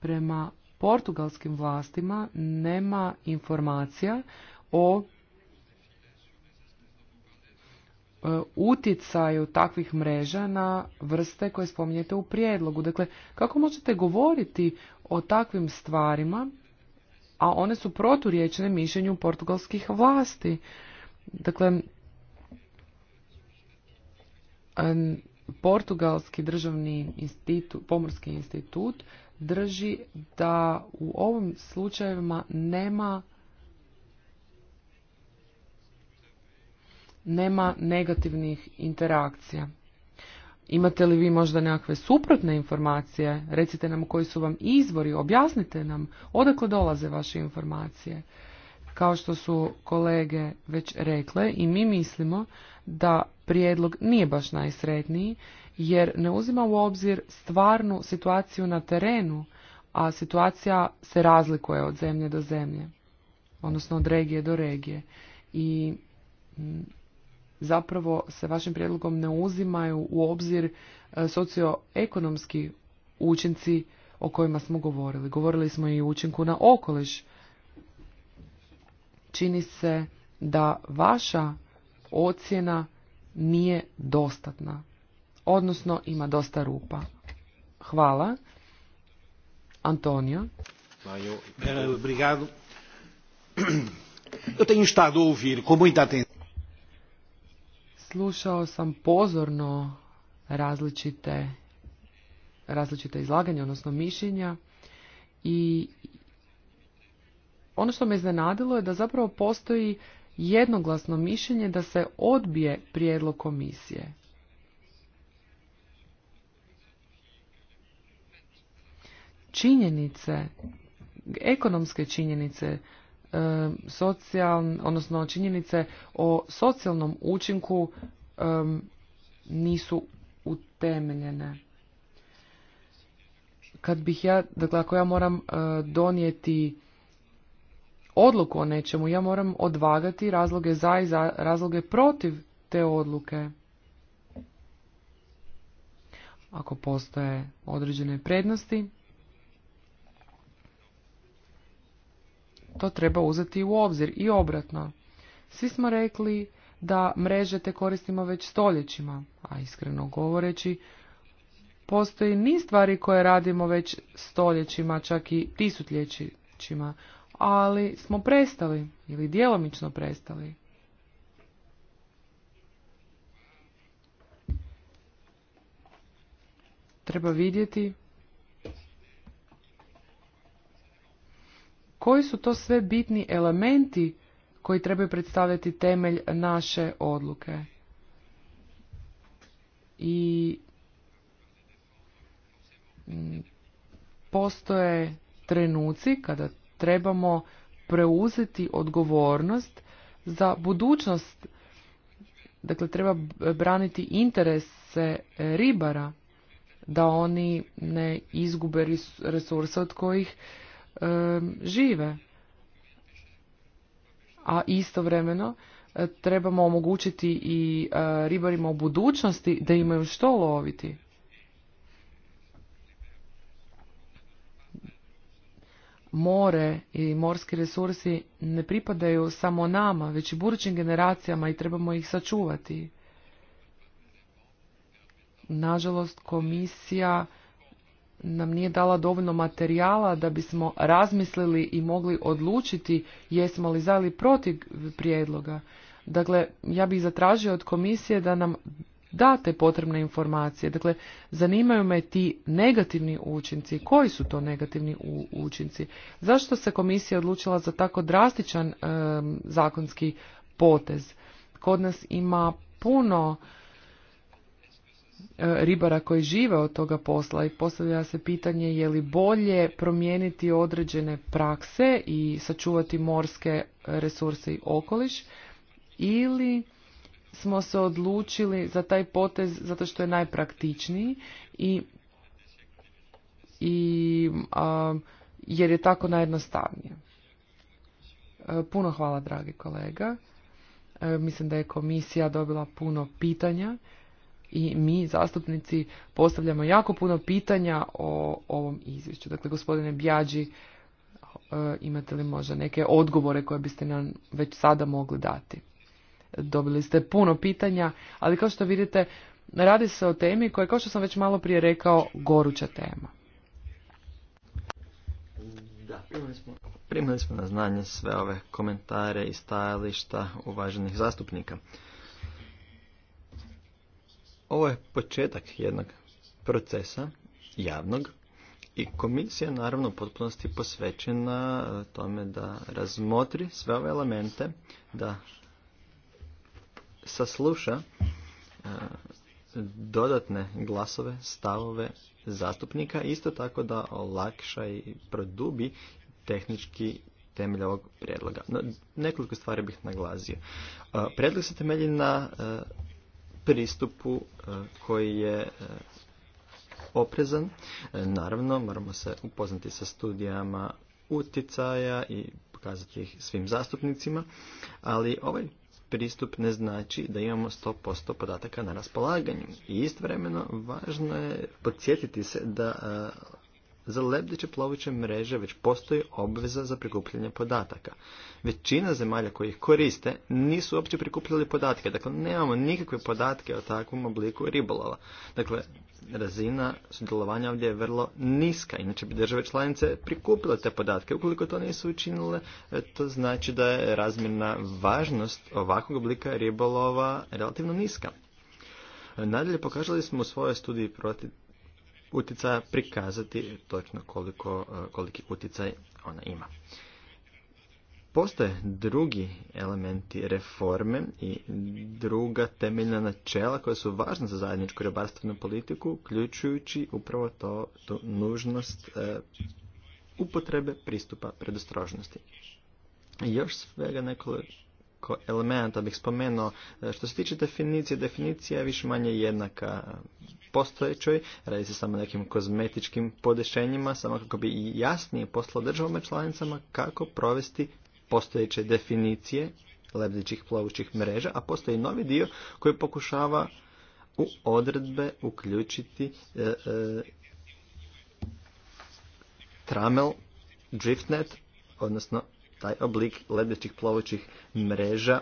Prema portugalskim vlastima nema informacija o e, utjecaju takvih mreža na vrste koje spominjete u prijedlogu. Dakle, kako možete govoriti o takvim stvarima, a one su proturječne mišljenju portugalskih vlasti? Dakle, Portugalski državni institut, pomorski institut drži da u ovim slučajevima nema nema negativnih interakcija. Imate li vi možda nekakve suprotne informacije? Recite nam koji su vam izvori, objasnite nam odakle dolaze vaše informacije. Kao što su kolege već rekle i mi mislimo da prijedlog nije baš najsretniji jer ne uzima u obzir stvarnu situaciju na terenu, a situacija se razlikuje od zemlje do zemlje, odnosno od regije do regije. I mm, zapravo se vašim prijedlogom ne uzimaju u obzir e, socioekonomski učinci o kojima smo govorili. Govorili smo i o učinku na okoliš. Čini se da vaša ocjena nije dostatna, odnosno ima dosta rupa. Hvala. Antonio. Obrigado. Eu tenho estado a ouvir com Slušao sam pozorno različite, različite izlaganja, odnosno mišljenja i ono što me iznenadilo je da zapravo postoji jednoglasno mišljenje da se odbije prijedlog komisije. Činjenice, ekonomske činjenice E, socijaln, odnosno činjenice o socijalnom učinku e, nisu utemeljene. Kad bih ja, dakle ako ja moram e, donijeti odluku o nečemu, ja moram odvagati razloge za i za, razloge protiv te odluke. Ako postoje određene prednosti, to treba uzeti u obzir i obratno. Svi smo rekli da mreže te koristimo već stoljećima, a iskreno govoreći, postoji niz stvari koje radimo već stoljećima, čak i tisutljećima, ali smo prestali ili djelomično prestali. Treba vidjeti koji su to sve bitni elementi koji trebaju predstavljati temelj naše odluke. I mm, postoje trenuci kada trebamo preuzeti odgovornost za budućnost. Dakle, treba braniti interese ribara da oni ne izgube resurse od kojih žive. A istovremeno e, trebamo omogućiti i e, ribarima u budućnosti da imaju što loviti. more i morski resursi ne pripadaju samo nama, već i budućim generacijama i trebamo ih sačuvati. Nažalost, komisija nam nije dala dovoljno materijala da bismo razmislili i mogli odlučiti jesmo li za ili protiv prijedloga. Dakle, ja bih zatražio od komisije da nam date potrebne informacije. Dakle, zanimaju me ti negativni učinci. Koji su to negativni učinci? Zašto se komisija odlučila za tako drastičan zakonski potez? Kod nas ima puno E, ribara koji žive od toga posla i postavlja se pitanje je li bolje promijeniti određene prakse i sačuvati morske resurse i okoliš ili smo se odlučili za taj potez zato što je najpraktičniji i, i jer je tako najjednostavnije. E, puno hvala dragi kolega. E, mislim da je komisija dobila puno pitanja i mi zastupnici postavljamo jako puno pitanja o ovom izvješću. Dakle, gospodine Bjađi, e, imate li možda neke odgovore koje biste nam već sada mogli dati? Dobili ste puno pitanja, ali kao što vidite, radi se o temi koja je, kao što sam već malo prije rekao, goruća tema. Da, primili smo, smo na znanje sve ove komentare i stajališta uvaženih zastupnika. Ovo je početak jednog procesa javnog i komisija naravno u potpunosti posvećena e, tome da razmotri sve ove elemente, da sasluša e, dodatne glasove, stavove zastupnika, isto tako da olakša i produbi tehnički temelj ovog prijedloga. nekoliko stvari bih naglazio. E, prijedlog se temelji na pristupu e, koji je e, oprezan. E, naravno, moramo se upoznati sa studijama uticaja i pokazati ih svim zastupnicima, ali ovaj pristup ne znači da imamo 100% podataka na raspolaganju. I istovremeno važno je podsjetiti se da za lebdeće ploviće mreže već postoji obveza za prikupljanje podataka. Većina zemalja koji ih koriste nisu uopće prikupljali podatke, dakle nemamo nikakve podatke o takvom obliku ribolova. Dakle, razina sudjelovanja ovdje je vrlo niska, inače bi države članice prikupile te podatke. Ukoliko to nisu učinile, e, to znači da je razmjerna važnost ovakvog oblika ribolova relativno niska. E, nadalje pokazali smo u svojoj studiji protiv utjecaja prikazati točno koliko, e, koliki utjecaj ona ima. Postoje drugi elementi reforme i druga temeljna načela koja su važna za zajedničku ribarstvenu politiku, uključujući upravo to, tu nužnost e, upotrebe pristupa predostrožnosti. Još svega nekoliko elementa bih spomenuo. E, što se tiče definicije, definicija je više manje jednaka postojećoj, radi se samo nekim kozmetičkim podešenjima, samo kako bi i jasnije poslao državama članicama kako provesti postojeće definicije lebdećih plovućih mreža, a postoji novi dio koji pokušava u odredbe uključiti e, e, tramel, driftnet, odnosno taj oblik lebdećih plovućih mreža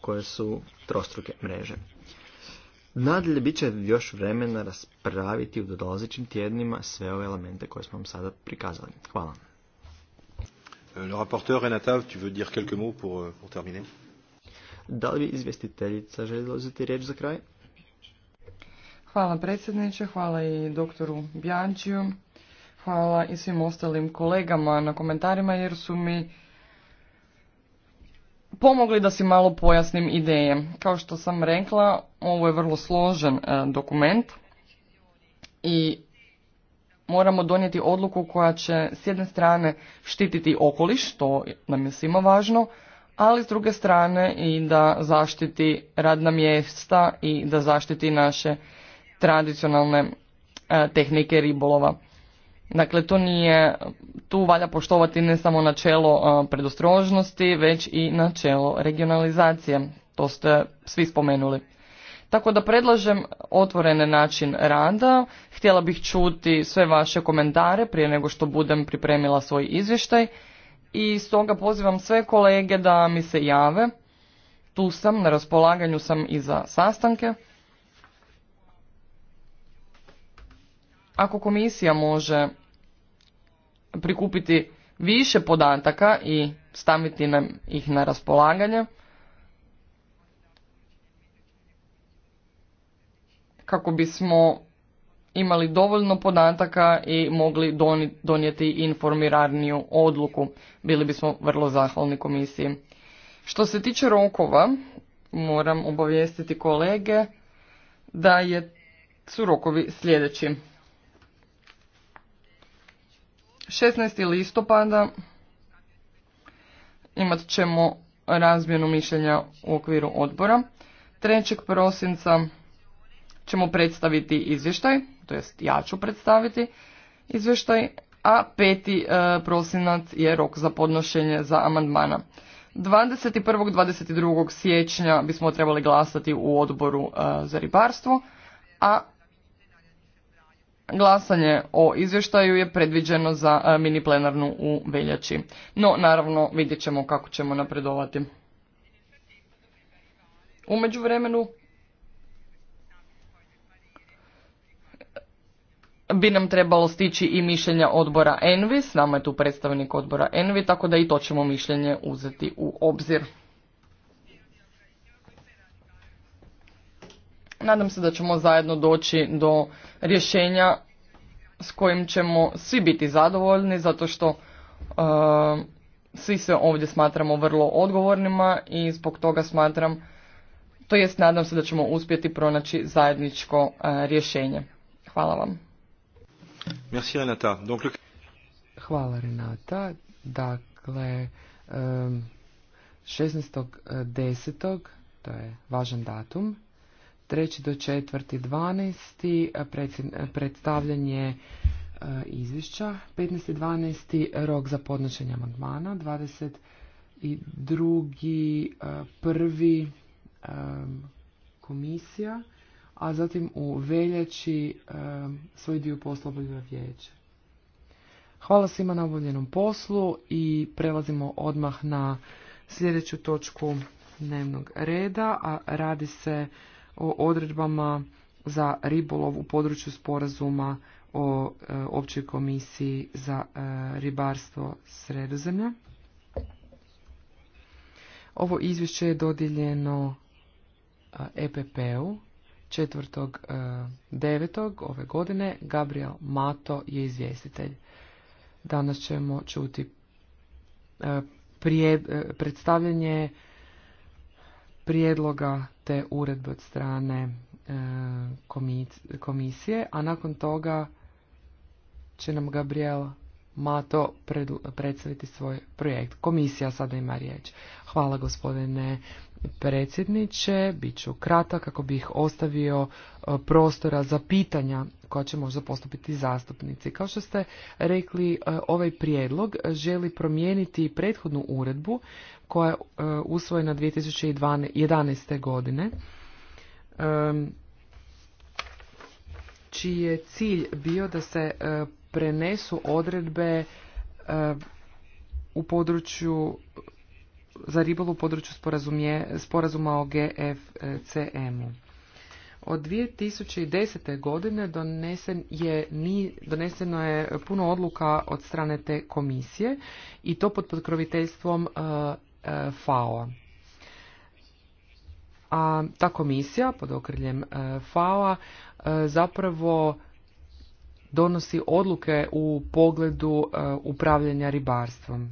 koje su trostruke mreže. Nadalje bit će još vremena raspraviti u dolazećim tjednima sve ove elemente koje smo vam sada prikazali. Hvala. Euh, le rapporteur Renata, tu veux dire quelques mots pour, euh, pour terminer Da li bi izvjestiteljica željela uzeti riječ za kraj? Hvala predsjedniče, hvala i doktoru Bjančiju, hvala i svim ostalim kolegama na komentarima jer su mi pomogli da si malo pojasnim ideje. Kao što sam rekla, ovo je vrlo složen e, dokument i moramo donijeti odluku koja će s jedne strane štititi okoliš, što nam je svima važno, ali s druge strane i da zaštiti radna mjesta i da zaštiti naše tradicionalne e, tehnike ribolova. Dakle, to nije, tu valja poštovati ne samo načelo predostrožnosti, već i načelo regionalizacije. To ste svi spomenuli. Tako da predlažem otvoren način rada. Htjela bih čuti sve vaše komentare prije nego što budem pripremila svoj izvještaj. I stoga pozivam sve kolege da mi se jave. Tu sam, na raspolaganju sam i za sastanke. Ako komisija može prikupiti više podataka i staviti nam ih na raspolaganje kako bismo imali dovoljno podataka i mogli donijeti informiraniju odluku. Bili bismo vrlo zahvalni komisiji. Što se tiče rokova, moram obavijestiti kolege da je, su rokovi sljedeći. 16. listopada imat ćemo razmjenu mišljenja u okviru odbora. 3. prosinca ćemo predstaviti izvještaj, to jest ja ću predstaviti izvještaj, a 5. E, prosinac je rok za podnošenje za amandmana. 21. 22. siječnja bismo trebali glasati u odboru e, za ribarstvo, a Glasanje o izvještaju je predviđeno za e, mini plenarnu u veljači. No, naravno, vidjet ćemo kako ćemo napredovati. U međuvremenu bi nam trebalo stići i mišljenja odbora Envi, s nama je tu predstavnik odbora Envi, tako da i to ćemo mišljenje uzeti u obzir. Nadam se da ćemo zajedno doći do rješenja s kojim ćemo svi biti zadovoljni zato što e, svi se ovdje smatramo vrlo odgovornima i zbog toga smatram, to jest nadam se da ćemo uspjeti pronaći zajedničko e, rješenje. Hvala vam. Merci Renata. Donc... Hvala Renata. Dakle, um, 16.10. E, to je važan datum. 3. do četvrti 12. predstavljanje izvješća, 15. 12. rok za podnošenje amandmana, 22. prvi komisija, a zatim u veljači svoj dio posla obavlja vijeće. Hvala svima na obavljenom poslu i prelazimo odmah na sljedeću točku dnevnog reda, a radi se o odredbama za ribolov u području sporazuma o e, općoj komisiji za e, ribarstvo sredozemlja. Ovo izvješće je dodijeljeno EPP-u e 4.9. ove godine. Gabriel Mato je izvjestitelj. Danas ćemo čuti predstavljanje prijedloga te uredbe od strane e, komisije, a nakon toga će nam Gabriela Mato predstaviti svoj projekt. Komisija sada ima riječ. Hvala gospodine predsjedniče. bit ću kratak kako bih ostavio e, prostora za pitanja koja će možda postupiti zastupnici. Kao što ste rekli, e, ovaj prijedlog želi promijeniti prethodnu uredbu koja je e, usvojena 2011. godine čiji je cilj bio da se prenesu odredbe e, u području za ribolu u području sporazuma o GFCM-u. Od 2010. godine donesen je, doneseno je puno odluka od strane te komisije i to pod podkroviteljstvom e, e, FAO-a. A ta komisija pod okriljem FAO-a zapravo donosi odluke u pogledu e, upravljanja ribarstvom.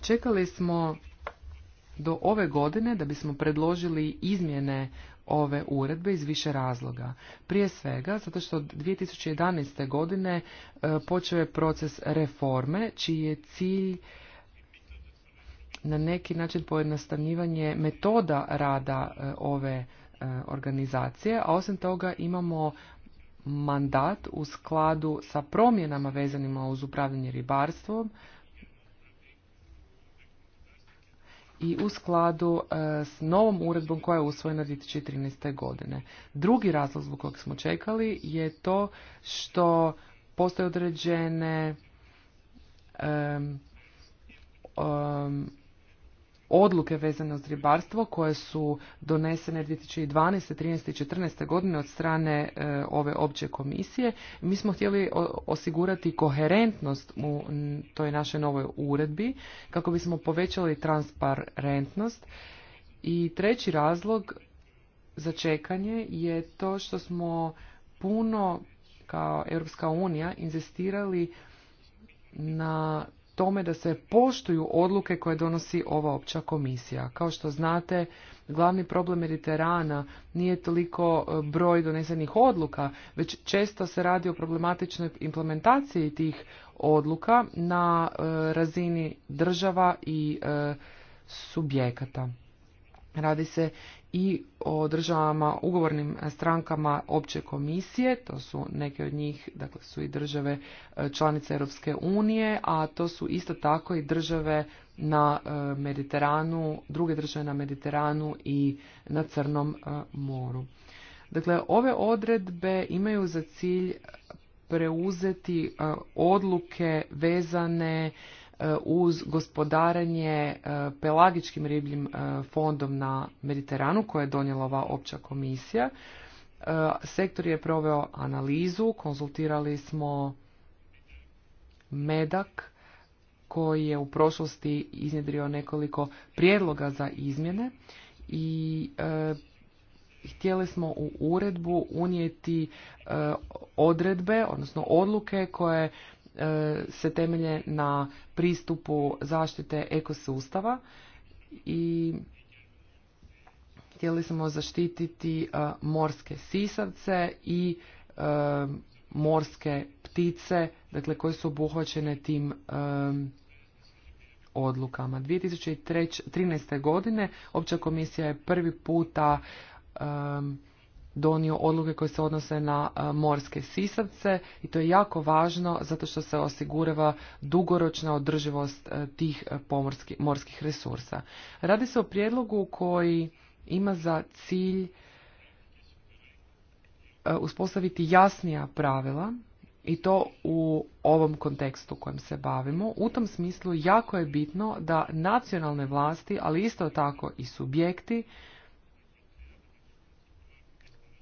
Čekali smo do ove godine da bismo predložili izmjene ove uredbe iz više razloga. Prije svega, zato što od 2011. godine e, počeo je proces reforme, čiji je cilj na neki način pojednostavljivanje metoda rada e, ove organizacije, a osim toga imamo mandat u skladu sa promjenama vezanima uz upravljanje ribarstvom i u skladu e, s novom uredbom koja je usvojena 2013. godine. Drugi razlog zbog kojeg smo čekali je to što postoje određene odluke vezane uz ribarstvo koje su donesene 2012., 13. i 14. godine od strane e, ove opće komisije. Mi smo htjeli osigurati koherentnost u toj našoj novoj uredbi kako bismo povećali transparentnost. I treći razlog za čekanje je to što smo puno kao Europska unija inzistirali na tome da se poštuju odluke koje donosi ova opća komisija. Kao što znate, glavni problem Mediterana nije toliko e, broj donesenih odluka, već često se radi o problematičnoj implementaciji tih odluka na e, razini država i e, subjekata. Radi se i o državama, ugovornim e, strankama opće komisije, to su neke od njih, dakle su i države e, članice Europske unije, a to su isto tako i države na e, Mediteranu, druge države na Mediteranu i na Crnom moru. Dakle, ove odredbe imaju za cilj preuzeti odluke vezane E, uz gospodaranje e, pelagičkim ribljim e, fondom na Mediteranu koje je donijela ova opća komisija. Sektor je proveo analizu, konzultirali smo medak koji je u prošlosti iznjedrio nekoliko prijedloga za izmjene i htjeli smo u uredbu unijeti odredbe, odnosno odluke koje E, se temelje na pristupu zaštite ekosustava i htjeli smo zaštititi e, morske sisavce i e, morske ptice, dakle koje su obuhvaćene tim odlukama. 2013. godine opća komisija je prvi puta donio odluke koje se odnose na e, morske sisavce i to je jako važno zato što se osigurava dugoročna održivost e, tih e, pomorski, morskih resursa. Radi se o prijedlogu koji ima za cilj uspostaviti jasnija pravila i to u ovom kontekstu kojem se bavimo. U tom smislu jako je bitno da nacionalne vlasti, ali isto tako i subjekti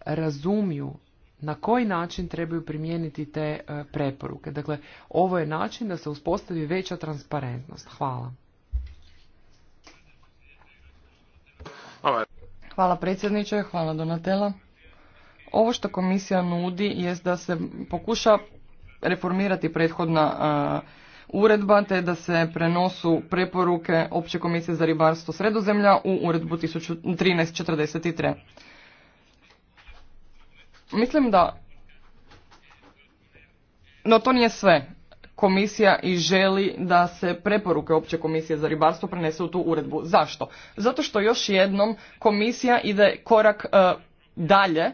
razumiju na koji način trebaju primijeniti te e, preporuke. Dakle, ovo je način da se uspostavi veća transparentnost. Hvala. Hvala predsjedniče, hvala Donatela. Ovo što komisija nudi jest da se pokuša reformirati prethodna e, uredba te da se prenosu preporuke Opće komisije za ribarstvo sredozemlja u uredbu 1343. Mislim da... No to nije sve. Komisija i želi da se preporuke Opće komisije za ribarstvo prenesu u tu uredbu. Zašto? Zato što još jednom komisija ide korak e, dalje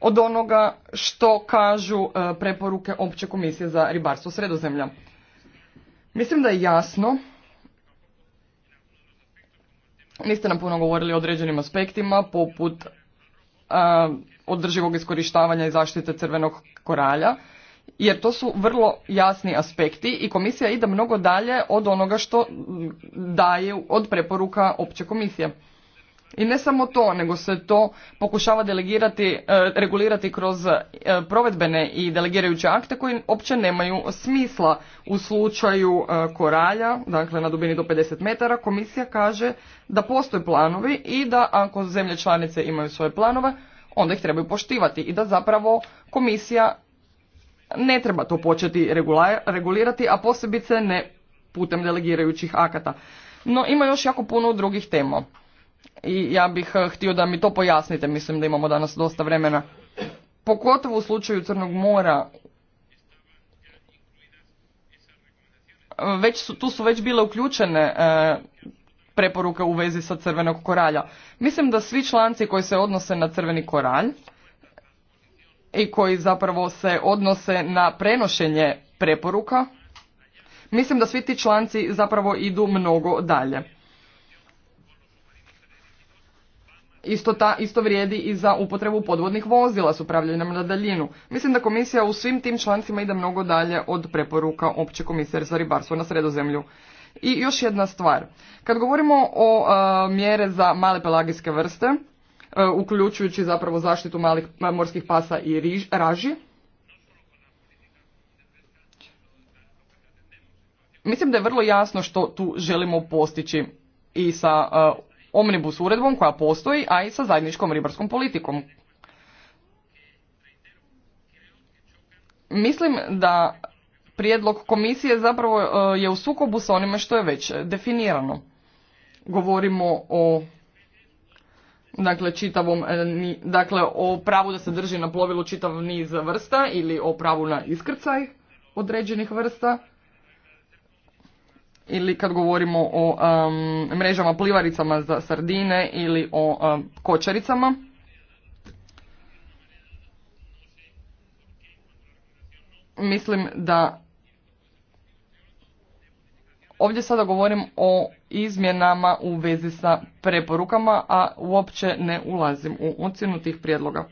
od onoga što kažu e, preporuke Opće komisije za ribarstvo sredozemlja. Mislim da je jasno niste nam puno govorili o određenim aspektima poput održivog iskorištavanja i zaštite crvenog koralja jer to su vrlo jasni aspekti i komisija ide mnogo dalje od onoga što daje od preporuka opće komisije. I ne samo to, nego se to pokušava delegirati, e, regulirati kroz e, provedbene i delegirajuće akte koji opće nemaju smisla. U slučaju e, koralja, dakle na dubini do 50 metara, komisija kaže da postoje planovi i da ako zemlje članice imaju svoje planove, onda ih trebaju poštivati i da zapravo komisija ne treba to početi regulirati, a posebice ne putem delegirajućih akata. No ima još jako puno drugih tema i ja bih eh, htio da mi to pojasnite, mislim da imamo danas dosta vremena. Pogotovo u slučaju Crnog mora, eh, već su, tu su već bile uključene eh, preporuke u vezi sa crvenog koralja. Mislim da svi članci koji se odnose na crveni koralj i koji zapravo se odnose na prenošenje preporuka, mislim da svi ti članci zapravo idu mnogo dalje. Isto, ta, isto vrijedi i za upotrebu podvodnih vozila s upravljanjem na daljinu. Mislim da komisija u svim tim člancima ide mnogo dalje od preporuka Opće komisije za ribarstvo na sredozemlju. I još jedna stvar. Kad govorimo o e, mjere za male pelagijske vrste, e, uključujući zapravo zaštitu malih e, morskih pasa i riž, raži, mislim da je vrlo jasno što tu želimo postići i sa omnibus uredbom koja postoji, a i sa zajedničkom ribarskom politikom. Mislim da prijedlog komisije zapravo e, je u sukobu sa onime što je već definirano. Govorimo o dakle čitavom e, dakle o pravu da se drži na plovilu čitav niz vrsta ili o pravu na iskrcaj određenih vrsta ili kad govorimo o mrežama plivaricama za sardine ili o kočaricama mislim da Ovdje sada govorim o izmjenama u vezi sa preporukama, a uopće ne ulazim u ocjenu tih prijedloga.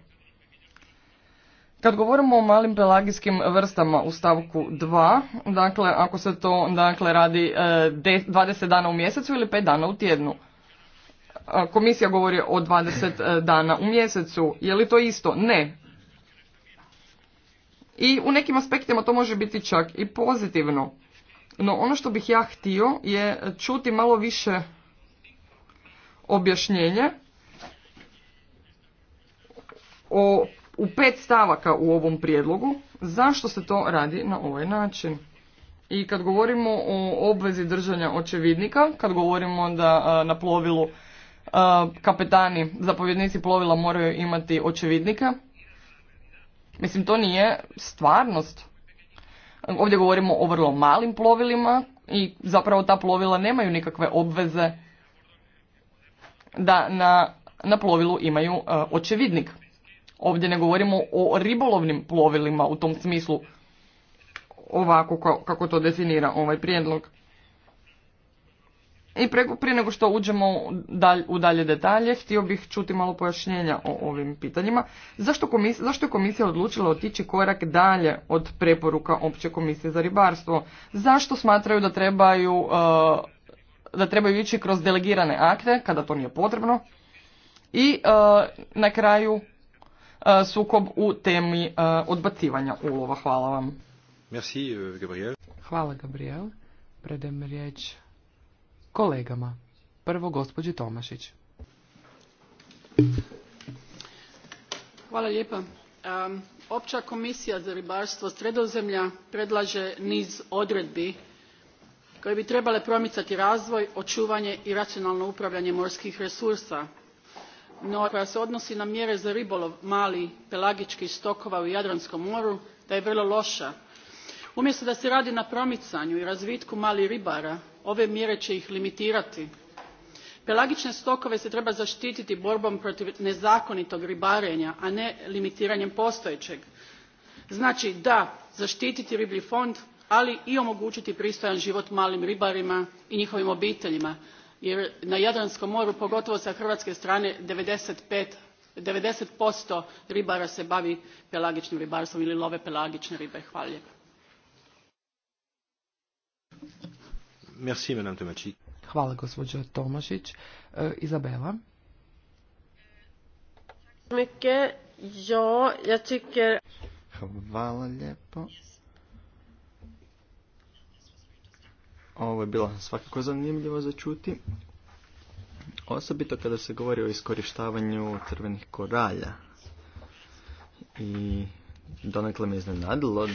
Kad govorimo o malim pelagijskim vrstama u stavku 2, dakle, ako se to dakle, radi 20 e, dana u mjesecu ili 5 dana u tjednu, e, komisija govori o 20 e, dana u mjesecu, je li to isto? Ne. I u nekim aspektima to može biti čak i pozitivno no ono što bih ja htio je čuti malo više objašnjenje o, u pet stavaka u ovom prijedlogu zašto se to radi na ovaj način. I kad govorimo o obvezi držanja očevidnika, kad govorimo da na plovilu kapetani, zapovjednici plovila moraju imati očevidnika, mislim to nije stvarnost. Ovdje govorimo o vrlo malim plovilima i zapravo ta plovila nemaju nikakve obveze da na, na plovilu imaju e, očevidnik. Ovdje ne govorimo o ribolovnim plovilima u tom smislu ovako kako to definira ovaj prijedlog. I prije nego što uđemo dalj, u dalje detalje, htio bih čuti malo pojašnjenja o ovim pitanjima. Zašto, komis, zašto je komisija odlučila otići korak dalje od preporuka Opće komisije za ribarstvo? Zašto smatraju da trebaju, uh, da trebaju ići kroz delegirane akte kada to nije potrebno? I uh, na kraju uh, sukob u temi odbacivanja ulova. Hvala vam. Merci, euh, Gabriel. Hvala, Gabriel. Predem riječ kolegama. Prvo gospođi Tomašić. Hvala lijepa. opća komisija za ribarstvo sredozemlja predlaže niz odredbi koje bi trebale promicati razvoj, očuvanje i racionalno upravljanje morskih resursa, no koja se odnosi na mjere za ribolov mali pelagičkih stokova u Jadranskom moru da je vrlo loša. Umjesto da se radi na promicanju i razvitku malih ribara ove mjere će ih limitirati. pelagične stokove se treba zaštititi borbom protiv nezakonitog ribarenja a ne limitiranjem postojećeg. znači da zaštititi riblji fond ali i omogućiti pristojan život malim ribarima i njihovim obiteljima jer na jadranskom moru pogotovo sa hrvatske strane ninety posto ribara se bavi pelagičnim ribarstvom ili love pelagične ribe. Merci, madame tomašić Hvala, gospođo Tomašić. E, Izabela. Hvala lijepo. Ovo je bilo svakako zanimljivo za čuti. Osobito kada se govori o iskorištavanju crvenih koralja. I donekle me iznenadilo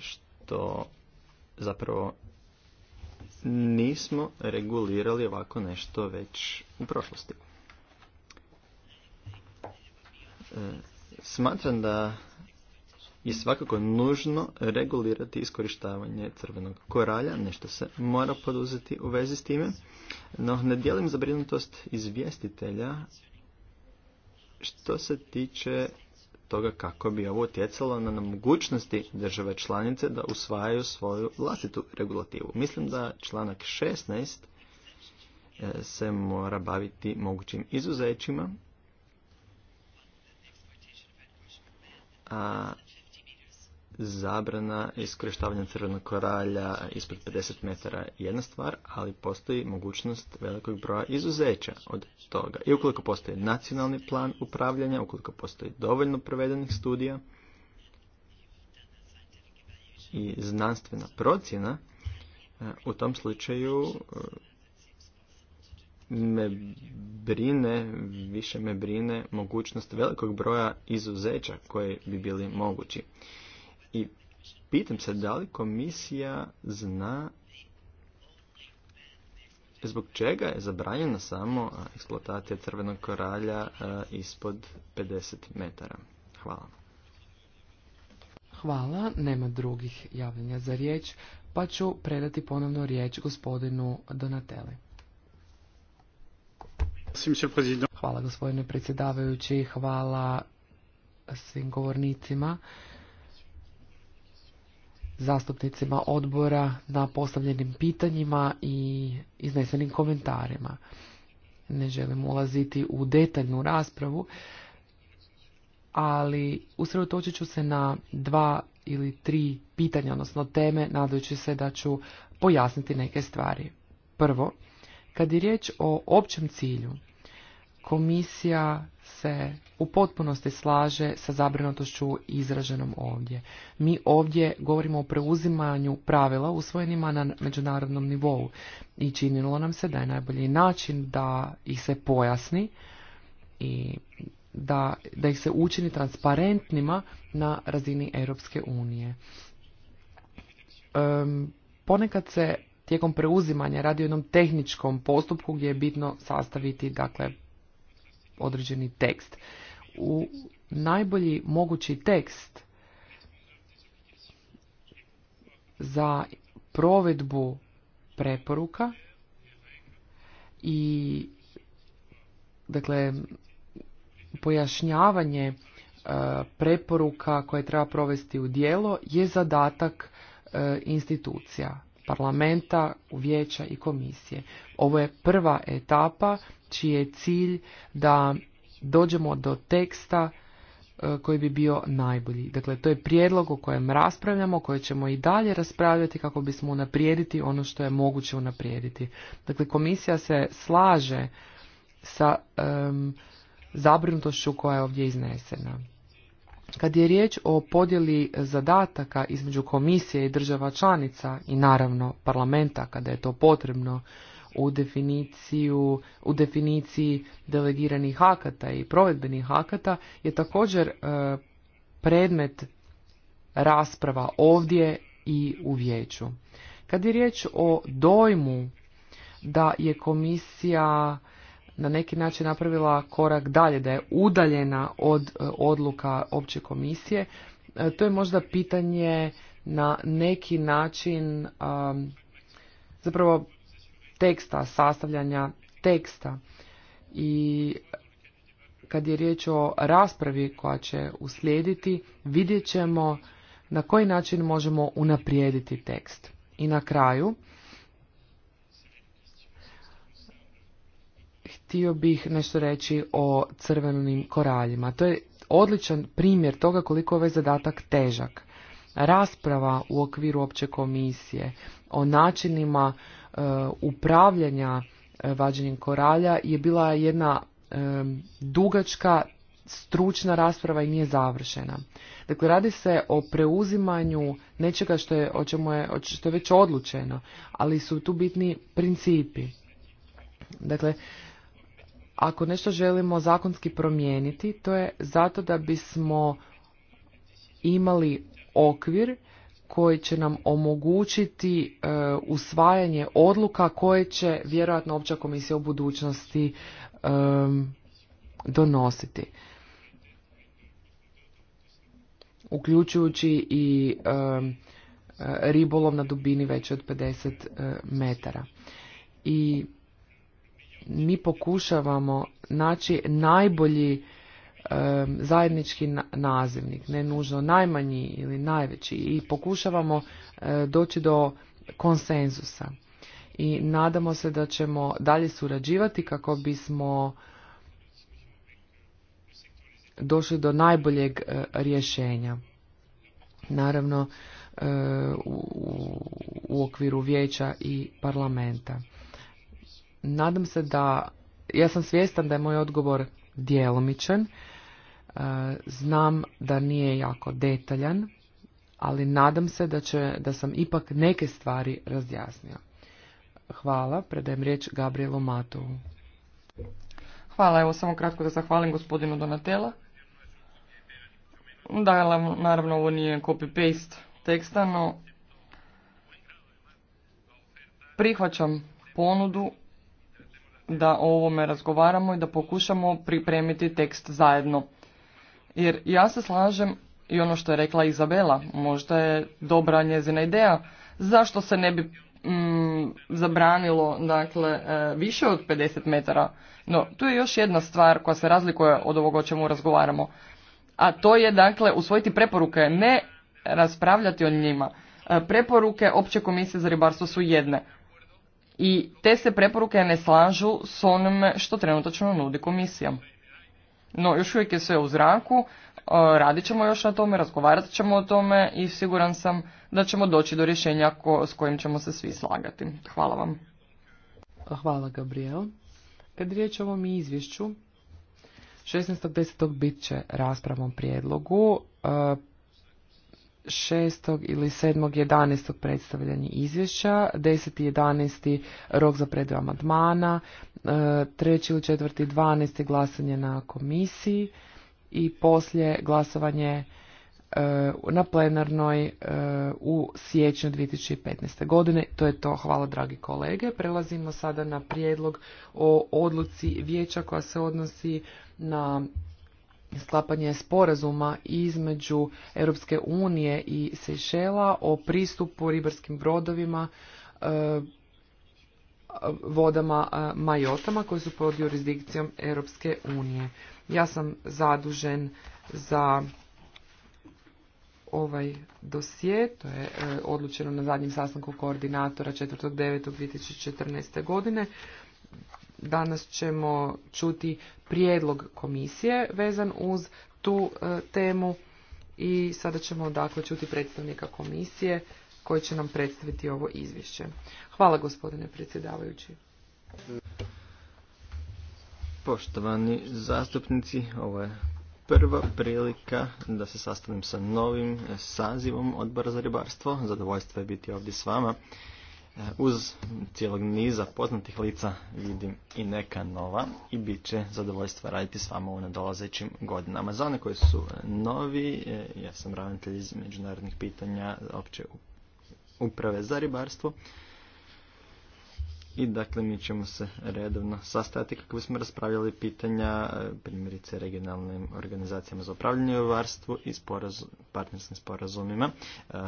što zapravo nismo regulirali ovako nešto već u prošlosti. E, smatram da je svakako nužno regulirati iskorištavanje crvenog koralja, nešto se mora poduzeti u vezi s time, no ne dijelim zabrinutost izvjestitelja što se tiče toga kako bi ovo utjecalo na mogućnosti države članice da usvajaju svoju vlastitu regulativu. Mislim da članak 16 e, se mora baviti mogućim izuzećima, a zabrana iskorištavanja crvenog koralja ispred 50 metara jedna stvar, ali postoji mogućnost velikog broja izuzeća od toga. I ukoliko postoji nacionalni plan upravljanja, ukoliko postoji dovoljno provedenih studija i znanstvena procjena, eh, u tom slučaju eh, me brine, više me brine mogućnost velikog broja izuzeća koji bi bili mogući. I pitam se da li komisija zna zbog čega je zabranjena samo eksploatacija crvenog koralja ispod 50 metara. Hvala. Hvala, nema drugih javljanja za riječ, pa ću predati ponovno riječ gospodinu Donateli. Hvala gospodine predsjedavajući, hvala svim govornicima zastupnicima odbora na postavljenim pitanjima i iznesenim komentarima. Ne želim ulaziti u detaljnu raspravu, ali usredotočit ću se na dva ili tri pitanja, odnosno teme, nadajući se da ću pojasniti neke stvari. Prvo, kad je riječ o općem cilju, Komisija se u potpunosti slaže sa zabrinutošću izraženom ovdje. Mi ovdje govorimo o preuzimanju pravila usvojenima na međunarodnom nivou i činilo nam se da je najbolji način da ih se pojasni i da, da ih se učini transparentnima na razini Europske unije. ponekad se tijekom preuzimanja radi o jednom tehničkom postupku gdje je bitno sastaviti dakle određeni tekst. U najbolji mogući tekst za provedbu preporuka i dakle pojašnjavanje e, preporuka koje treba provesti u djelo je zadatak e, institucija parlamenta, vijeća i komisije. Ovo je prva etapa čiji je cilj da dođemo do teksta e, koji bi bio najbolji. Dakle, to je prijedlog o kojem raspravljamo, koje ćemo i dalje raspravljati kako bismo unaprijediti ono što je moguće unaprijediti. Dakle, komisija se slaže sa um, zabrinutošću koja je ovdje iznesena. Kad je riječ o podjeli zadataka između komisije i država članica i naravno parlamenta kada je to potrebno u, definiciju, u definiciji delegiranih akata i provedbenih akata je također e, predmet rasprava ovdje i u vijeću. Kad je riječ o dojmu da je komisija na neki način napravila korak dalje, da je udaljena od e, odluka opće komisije, e, to je možda pitanje na neki način zapravo teksta, sastavljanja teksta. I kad je riječ o raspravi koja će uslijediti, vidjet ćemo na koji način možemo unaprijediti tekst. I na kraju, htio bih nešto reći o crvenim koraljima. To je odličan primjer toga koliko je ovaj zadatak težak. Rasprava u okviru opće komisije o načinima e, upravljanja e, vađenjem koralja je bila jedna e, dugačka stručna rasprava i nije završena. Dakle, radi se o preuzimanju nečega što je, o čemu je, što je već odlučeno, ali su tu bitni principi. Dakle, ako nešto želimo zakonski promijeniti, to je zato da bismo imali okvir koji će nam omogućiti e, usvajanje odluka koje će vjerojatno opća komisija u budućnosti e, donositi. Uključujući i e, ribolov na dubini veće od 50 e, metara. I mi pokušavamo naći najbolji zajednički nazivnik, ne nužno najmanji ili najveći i pokušavamo e, doći do konsenzusa. I nadamo se da ćemo dalje surađivati kako bismo došli do najboljeg e, rješenja. Naravno e, u okviru vijeća i parlamenta nadam se da, ja sam svjestan da je moj odgovor djelomičan, e, znam da nije jako detaljan, ali nadam se da, će, da sam ipak neke stvari razjasnio. Hvala, predajem riječ Gabrielu Matovu. Hvala, evo samo kratko da zahvalim gospodinu Donatela. Da, naravno ovo nije copy-paste teksta, no prihvaćam ponudu da o ovome razgovaramo i da pokušamo pripremiti tekst zajedno. Jer ja se slažem i ono što je rekla Izabela, možda je dobra njezina ideja, zašto se ne bi mm, zabranilo dakle, e, više od 50 metara. No, tu je još jedna stvar koja se razlikuje od ovoga o čemu razgovaramo. A to je dakle usvojiti preporuke, ne raspravljati o njima. E, preporuke Opće komisije za ribarstvo su jedne, i te se preporuke ne slažu s onim što trenutačno nudi komisija. No, još uvijek je sve u zraku, e, radit ćemo još na tome, razgovarat ćemo o tome i siguran sam da ćemo doći do rješenja ko, s kojim ćemo se svi slagati. Hvala vam. Hvala, Gabriel. Kad riječ o ovom izvješću, 16.10. bit će raspravom prijedlogu. E, 6. ili 7. 11. predstavljanje izvješća, 10. 11. rok za predaju amandmana, 3. E, ili 4. 12. glasanje na komisiji i poslije glasovanje e, na plenarnoj e, u siječnju 2015. godine. To je to. Hvala dragi kolege. Prelazimo sada na prijedlog o odluci vijeća koja se odnosi na sklapanje sporazuma između Europske unije i Sejšela o pristupu ribarskim brodovima eh, vodama eh, Majotama koji su pod jurisdikcijom Europske unije. Ja sam zadužen za ovaj dosje, to je eh, odlučeno na zadnjem sastanku koordinatora 4.9.2014. godine. Danas ćemo čuti prijedlog komisije vezan uz tu e, temu i sada ćemo dakle čuti predstavnika komisije koji će nam predstaviti ovo izvješće. Hvala gospodine predsjedavajući. Poštovani zastupnici, ovo je prva prilika da se sastavim sa novim sazivom odbora za ribarstvo. Zadovoljstvo je biti ovdje s vama uz cijelog niza poznatih lica vidim i neka nova i bit će zadovoljstvo raditi s vama u nadolazećim godinama. Za one koji su novi, e, ja sam ravnatelj iz međunarodnih pitanja opće uprave za ribarstvo i dakle mi ćemo se redovno sastaviti kako bismo raspravljali pitanja e, primjerice regionalnim organizacijama za upravljanje u varstvu i sporazum, partnerskim sporazumima. E,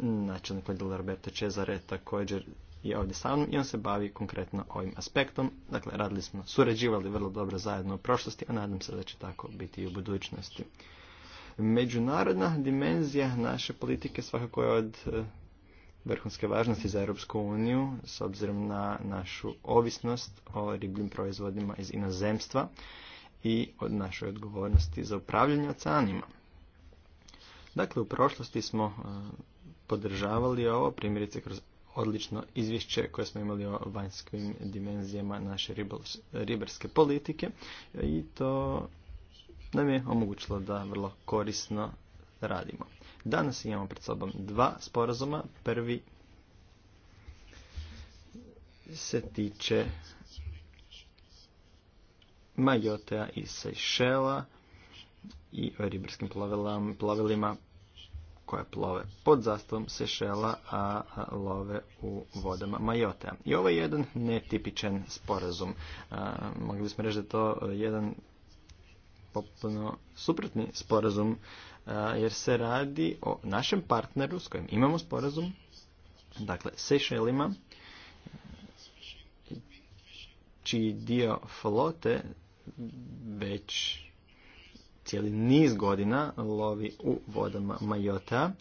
načelnik odjela Roberta Cezare također je ovdje sa mnom i on se bavi konkretno ovim aspektom. Dakle, radili smo, surađivali vrlo dobro zajedno u prošlosti, a nadam se da će tako biti i u budućnosti. Međunarodna dimenzija naše politike svakako je od e, vrhunske važnosti za Europsku uniju s obzirom na našu ovisnost o ribljim proizvodima iz inozemstva i od našoj odgovornosti za upravljanje oceanima. Dakle, u prošlosti smo e, podržavali ovo, primjerice kroz odlično izvješće koje smo imali o vanjskim dimenzijama naše ribarske politike i to nam je omogućilo da vrlo korisno radimo. Danas imamo pred sobom dva sporazuma. Prvi se tiče Majotea i Sejšela i o ribarskim plovilima koje plove pod zastavom Sešela, a love u vodama Majotea. I ovo je jedan netipičan sporazum. Mogli bismo reći da je to jedan potpuno suprotni sporazum jer se radi o našem partneru s kojim imamo sporazum, dakle Sešelima, čiji dio flote već cijeli niz godina lovi u vodama Majota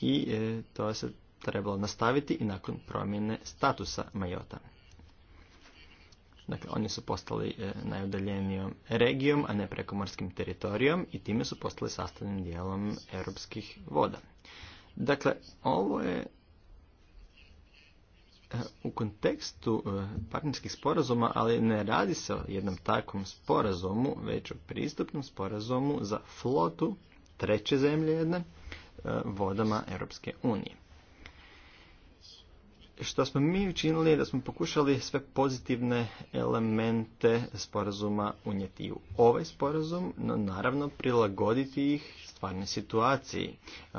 i e, to se trebalo nastaviti i nakon promjene statusa Majota. Dakle, oni su postali e, najudaljenijom regijom, a ne prekomorskim teritorijom i time su postali sastavnim dijelom europskih voda. Dakle, ovo je E, u kontekstu e, partnerskih sporazuma, ali ne radi se o jednom takvom sporazumu, već o pristupnom sporazumu za flotu treće zemlje jedne e, vodama Europske unije. Što smo mi učinili je da smo pokušali sve pozitivne elemente sporazuma unijeti u ovaj sporazum, no naravno prilagoditi ih stvarnoj situaciji.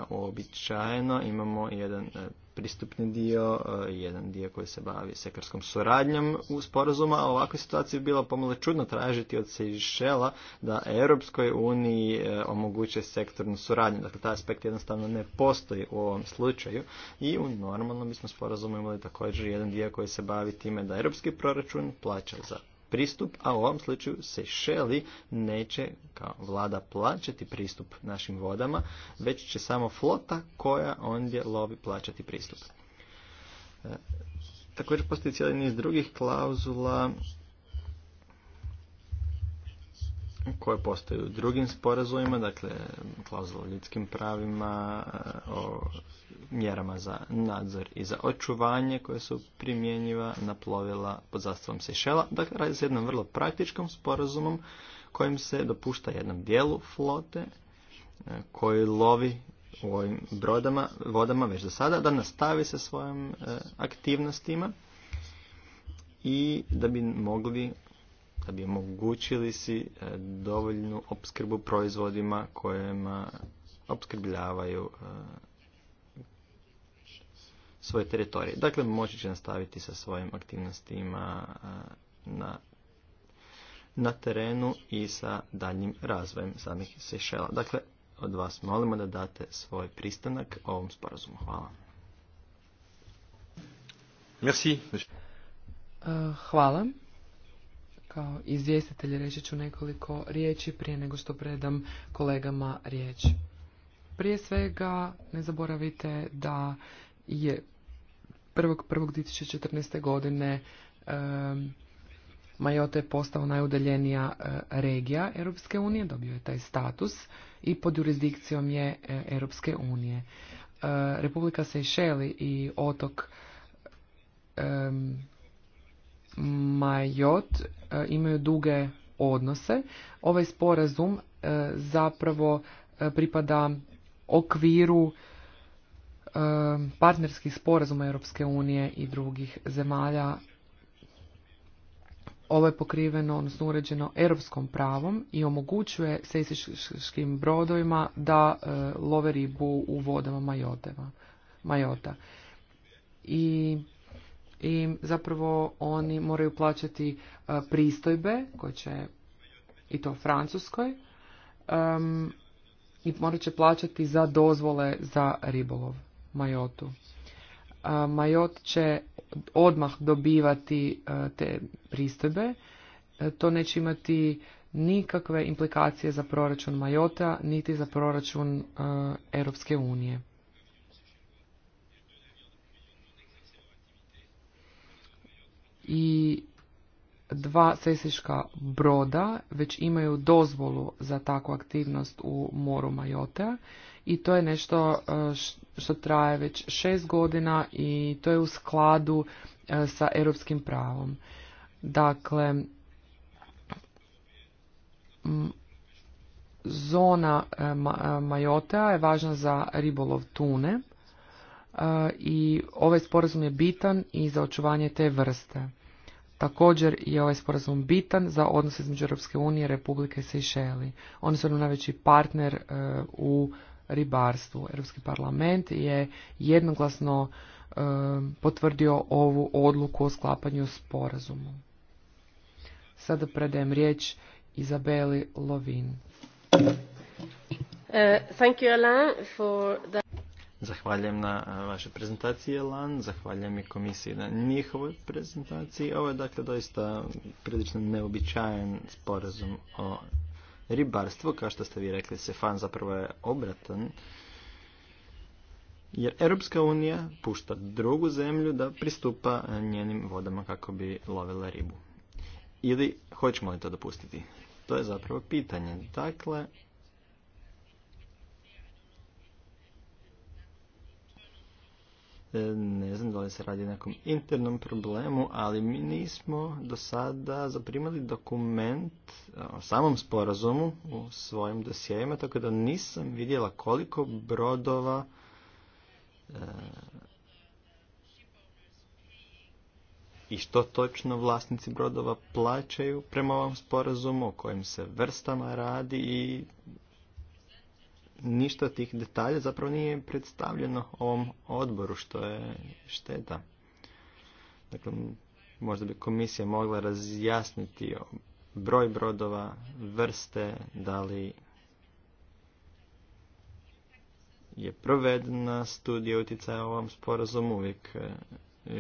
Uobičajeno imamo jedan pristupni dio, e, jedan dio koji se bavi sekarskom suradnjom u sporazuma, a ovakvoj situaciji bi bilo pomalo čudno tražiti od da Europskoj uniji e, omoguće sektornu suradnju. Dakle, taj aspekt jednostavno ne postoji u ovom slučaju i u normalnom bismo sporazumu imali također jedan dio koji se bavi time da europski proračun plaća za pristup, a u ovom slučaju se šeli neće kao vlada plaćati pristup našim vodama, već će samo flota koja ondje lovi plaćati pristup. E, također postoji cijeli niz drugih klauzula koje postaju u drugim sporazumima, dakle klauzula o ljudskim pravima, e, o mjerama za nadzor i za očuvanje koje su primjenjiva na plovila pod zastavom Sešela. Dakle, radi se jednom vrlo praktičkom sporazumom kojim se dopušta jednom dijelu flote e, koji lovi u ovim brodama, vodama već do sada, da nastavi sa svojim e, aktivnostima i da bi mogli da bi omogućili si e, dovoljnu opskrbu proizvodima kojima opskrbljavaju e, svoje teritorije. Dakle, moći će nastaviti sa svojim aktivnostima e, na, na terenu i sa daljnjim razvojem samih Sešela. Dakle, od vas molimo da date svoj pristanak ovom sporazumu. Hvala. Merci. Hvala kao izvjestitelj reći ću nekoliko riječi prije nego što predam kolegama riječ. Prije svega ne zaboravite da je 1.1.2014. godine Majote je postao najudaljenija e, regija Europske unije, dobio je taj status i pod jurisdikcijom je e, Europske unije. E, Republika Sejšeli i otok Majot e, imaju duge odnose. Ovaj sporazum e, zapravo e, pripada okviru partnerskih sporazuma Europske unije i drugih zemalja. Ovo je pokriveno, odnosno uređeno europskom pravom i omogućuje sejsiškim brodovima da love ribu u vodama Majoteva, Majota. I i zapravo oni moraju plaćati e, pristojbe koje će i to Francuskoj i morat će plaćati za dozvole za ribolov majotu. E, majot će odmah dobivati e, te pristojbe. To neće imati nikakve implikacije za proračun Majota, niti za proračun Europske unije. i dva sesiška broda već imaju dozvolu za takvu aktivnost u moru Majotea i to je nešto e, što traje već šest godina i to je u skladu e, sa europskim pravom. Dakle, zona e, Majotea je važna za ribolov tune i ovaj sporazum je bitan i za očuvanje te vrste. Također je ovaj sporazum bitan za odnose između Europske unije, Republike Sejšeli. Oni su nam najveći partner e, u ribarstvu. Europski parlament je jednoglasno e, potvrdio ovu odluku o sklapanju sporazumu. Sada predajem riječ Izabeli Lovin. Uh, thank you, Alain, for Zahvaljujem na vaše prezentaciji, Lan. Zahvaljujem i komisiji na njihovoj prezentaciji. Ovo je dakle doista prilično neobičajen sporazum o ribarstvu. Kao što ste vi rekli, fan zapravo je obratan. Jer Europska unija pušta drugu zemlju da pristupa njenim vodama kako bi lovila ribu. Ili hoćemo li to dopustiti? To je zapravo pitanje. Dakle, E, ne znam da li se radi o nekom internom problemu, ali mi nismo do sada zaprimali dokument e, o samom sporazumu u svojim dosjejima, tako da nisam vidjela koliko brodova e, i što točno vlasnici brodova plaćaju prema ovom sporazumu, o kojim se vrstama radi i ništa od tih detalja zapravo nije predstavljeno ovom odboru, što je šteta. Dakle, možda bi komisija mogla razjasniti broj brodova, vrste, da li je provedena studija utjecaja u ovom sporazumu. Uvijek e,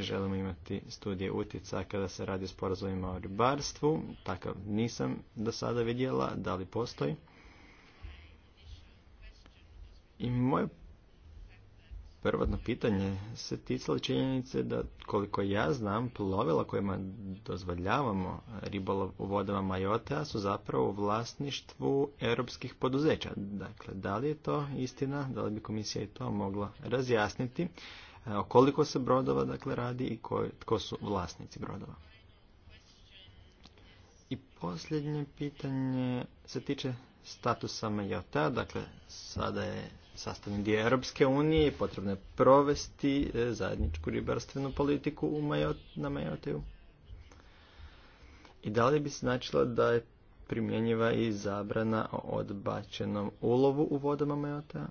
želimo imati studije utjecaja kada se radi o sporazumima o ribarstvu. Takav nisam do sada vidjela, da li postoji. I moje prvotno pitanje se ticalo činjenice da koliko ja znam plovila kojima dozvoljavamo ribolov u vodama Majotea su zapravo u vlasništvu europskih poduzeća. Dakle, da li je to istina, da li bi komisija i to mogla razjasniti, e, o koliko se brodova dakle radi i ko, tko su vlasnici brodova. I posljednje pitanje se tiče statusa Majotea, dakle sada je sastavni dio Europske unije i potrebno je provesti e, zajedničku ribarstvenu politiku u Majot, na Majoteju. I da li bi značilo da je primjenjiva i zabrana o odbačenom ulovu u vodama Majoteja?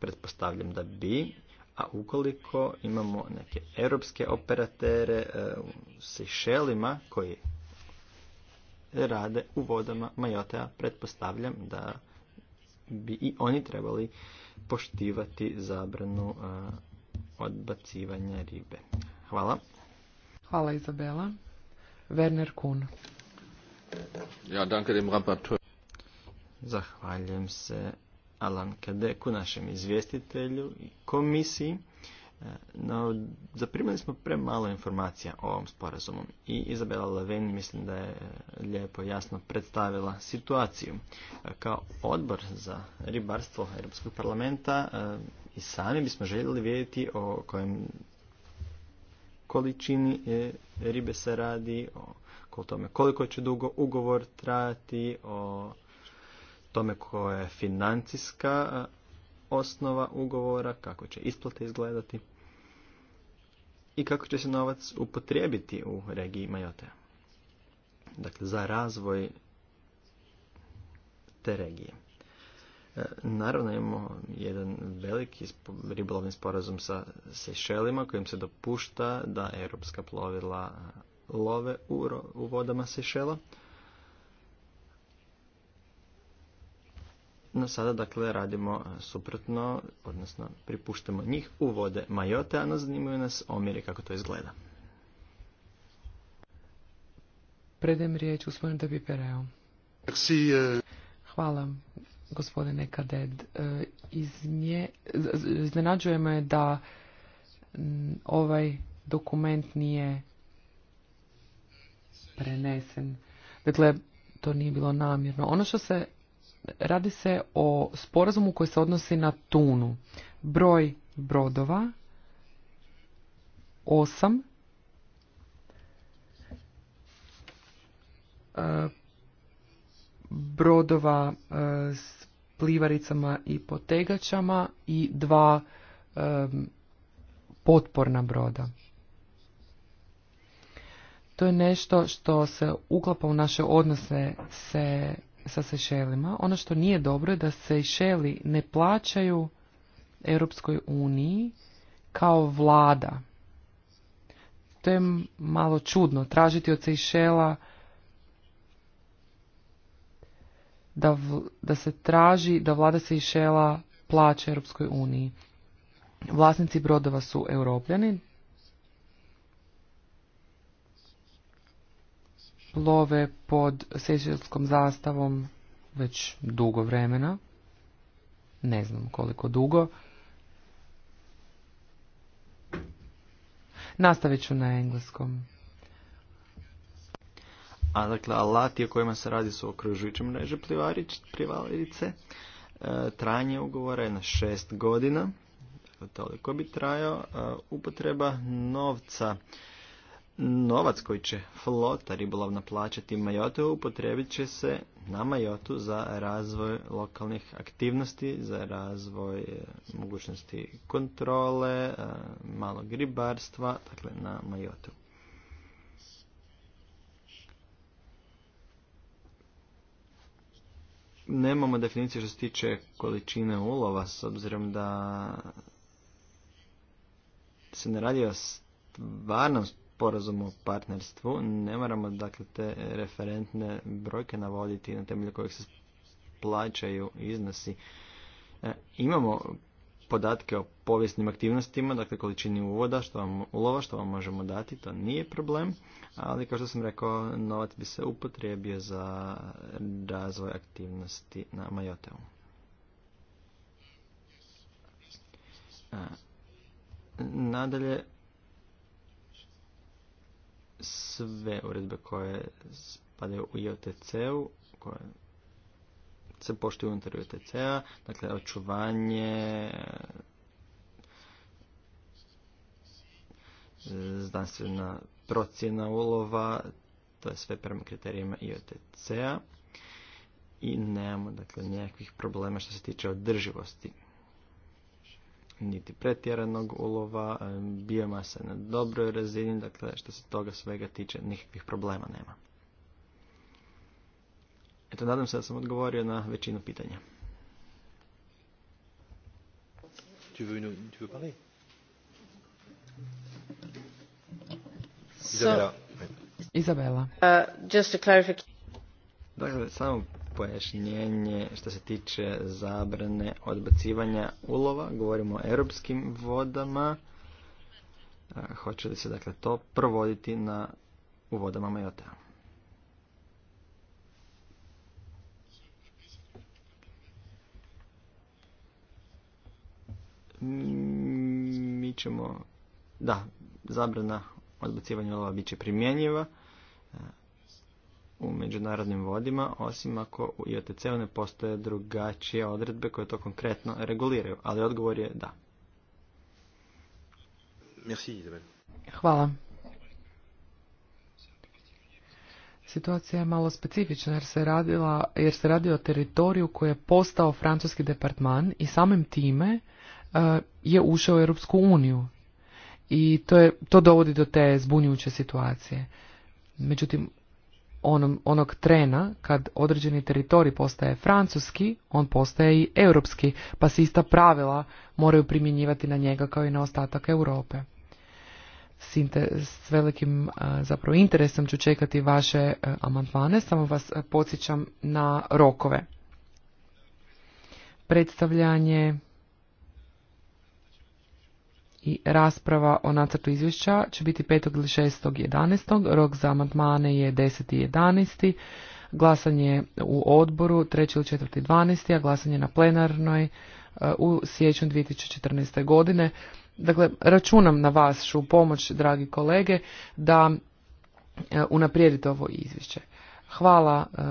Pretpostavljam da bi, a ukoliko imamo neke europske operatere u e, Sešelima koji rade u vodama Majoteja, pretpostavljam da bi i oni trebali poštivati zabranu odbacivanja ribe. Hvala. Hvala Izabela. Werner Kuhn. Ja, danke dem Zahvaljujem se Alan Kadeku, našem izvjestitelju i komisiji. No, zaprimili smo premalo informacija o ovom sporazumu i Izabela Leven mislim da je e, lijepo jasno predstavila situaciju. E, kao odbor za ribarstvo Europskog parlamenta e, i sami bismo željeli vidjeti o kojem količini ribe se radi, o tome koliko će dugo ugovor trajati, o tome koja je financijska osnova ugovora, kako će isplate izgledati i kako će se novac upotrijebiti u regiji Majote. Dakle, za razvoj te regije. E, naravno imamo jedan veliki ribolovni sporazum sa Sešelima kojim se dopušta da europska plovila love u vodama Sešela. No sada dakle radimo e, suprotno, odnosno pripuštamo njih u vode majote, a nas zanimaju nas omjeri kako to izgleda. Predem riječ da Debi Pereo. E, Hvala gospodine Kaded. E, iznenađuje me da ovaj dokument nije prenesen. Dakle, to nije bilo namjerno. Ono što se Radi se o sporazumu koji se odnosi na tunu. Broj brodova 8 e, brodova e, s plivaricama i potegačama i dva e, potporna broda. To je nešto što se uklapa u naše odnose se sa Sešelima. Ono što nije dobro je da Sešeli ne plaćaju Europskoj uniji kao vlada. To je malo čudno, tražiti od Sešela da, da se traži da vlada Sešela plaća Europskoj uniji. Vlasnici brodova su europljani, love pod sečelskom zastavom već dugo vremena, ne znam koliko dugo. Nastavit ću na engleskom. A dakle, alati o kojima se radi su okružujuće mreže plivarice. E, trajanje ugovora je na šest godina. Toliko bi trajao. E, upotreba novca Novac koji će flota ribolovna plaćati Majotu upotrebit će se na Majotu za razvoj lokalnih aktivnosti, za razvoj e, mogućnosti kontrole, e, malog ribarstva, dakle na Majotu. Nemamo definicije što se tiče količine ulova, s obzirom da se ne radi o stvarnom sporazum o partnerstvu. Ne moramo dakle te referentne brojke navoditi na temelju kojih se plaćaju iznosi. E, imamo podatke o povijesnim aktivnostima, dakle količini uvoda, što vam, ulova, što vam možemo dati, to nije problem, ali kao što sam rekao, novac bi se upotrijebio za razvoj aktivnosti na Majoteu. E, nadalje, sve uredbe koje spadaju u IOTC-u, koje se poštuju unutar IOTC-a, dakle očuvanje e, znanstvena procjena ulova, to je sve prema kriterijima IOTC-a i nemamo dakle nikakvih problema što se tiče održivosti niti pretjeranog ulova, e, biomasa na dobroj razini, dakle što se toga svega tiče nikakvih problema nema. Eto, nadam se da sam odgovorio na većinu pitanja. Tu Dakle, samo pojašnjenje što se tiče zabrane odbacivanja ulova. Govorimo o europskim vodama. Hoće li se dakle to provoditi na, u vodama Majota? Mi ćemo, da, zabrana odbacivanja ulova bit će primjenjiva u međunarodnim vodima, osim ako u IOTC-u ne postoje drugačije odredbe koje to konkretno reguliraju. Ali odgovor je da. Hvala. Situacija je malo specifična jer se, radila, jer se radi o teritoriju koji je postao francuski departman i samim time e, je ušao u Europsku uniju. I to, je, to dovodi do te zbunjujuće situacije. Međutim, onom, onog trena kad određeni teritorij postaje francuski, on postaje i europski, pa se ista pravila moraju primjenjivati na njega kao i na ostatak Europe. S, s velikim zapravo interesom ću čekati vaše e, amandmane, samo vas e, podsjećam na rokove. Predstavljanje i rasprava o nacrtu izvješća će biti 5. ili 6. 11. Rok za amandmane je 10. 11. Glasanje u odboru 3. ili 4. 12. A glasanje na plenarnoj e, u sjeću 2014. godine. Dakle, računam na vašu pomoć, dragi kolege, da e, unaprijedite ovo izvješće. Hvala e,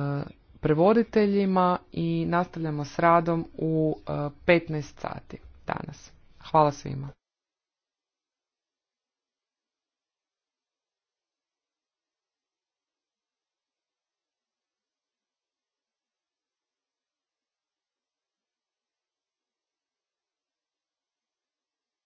prevoditeljima i nastavljamo s radom u 15 sati danas. Hvala svima.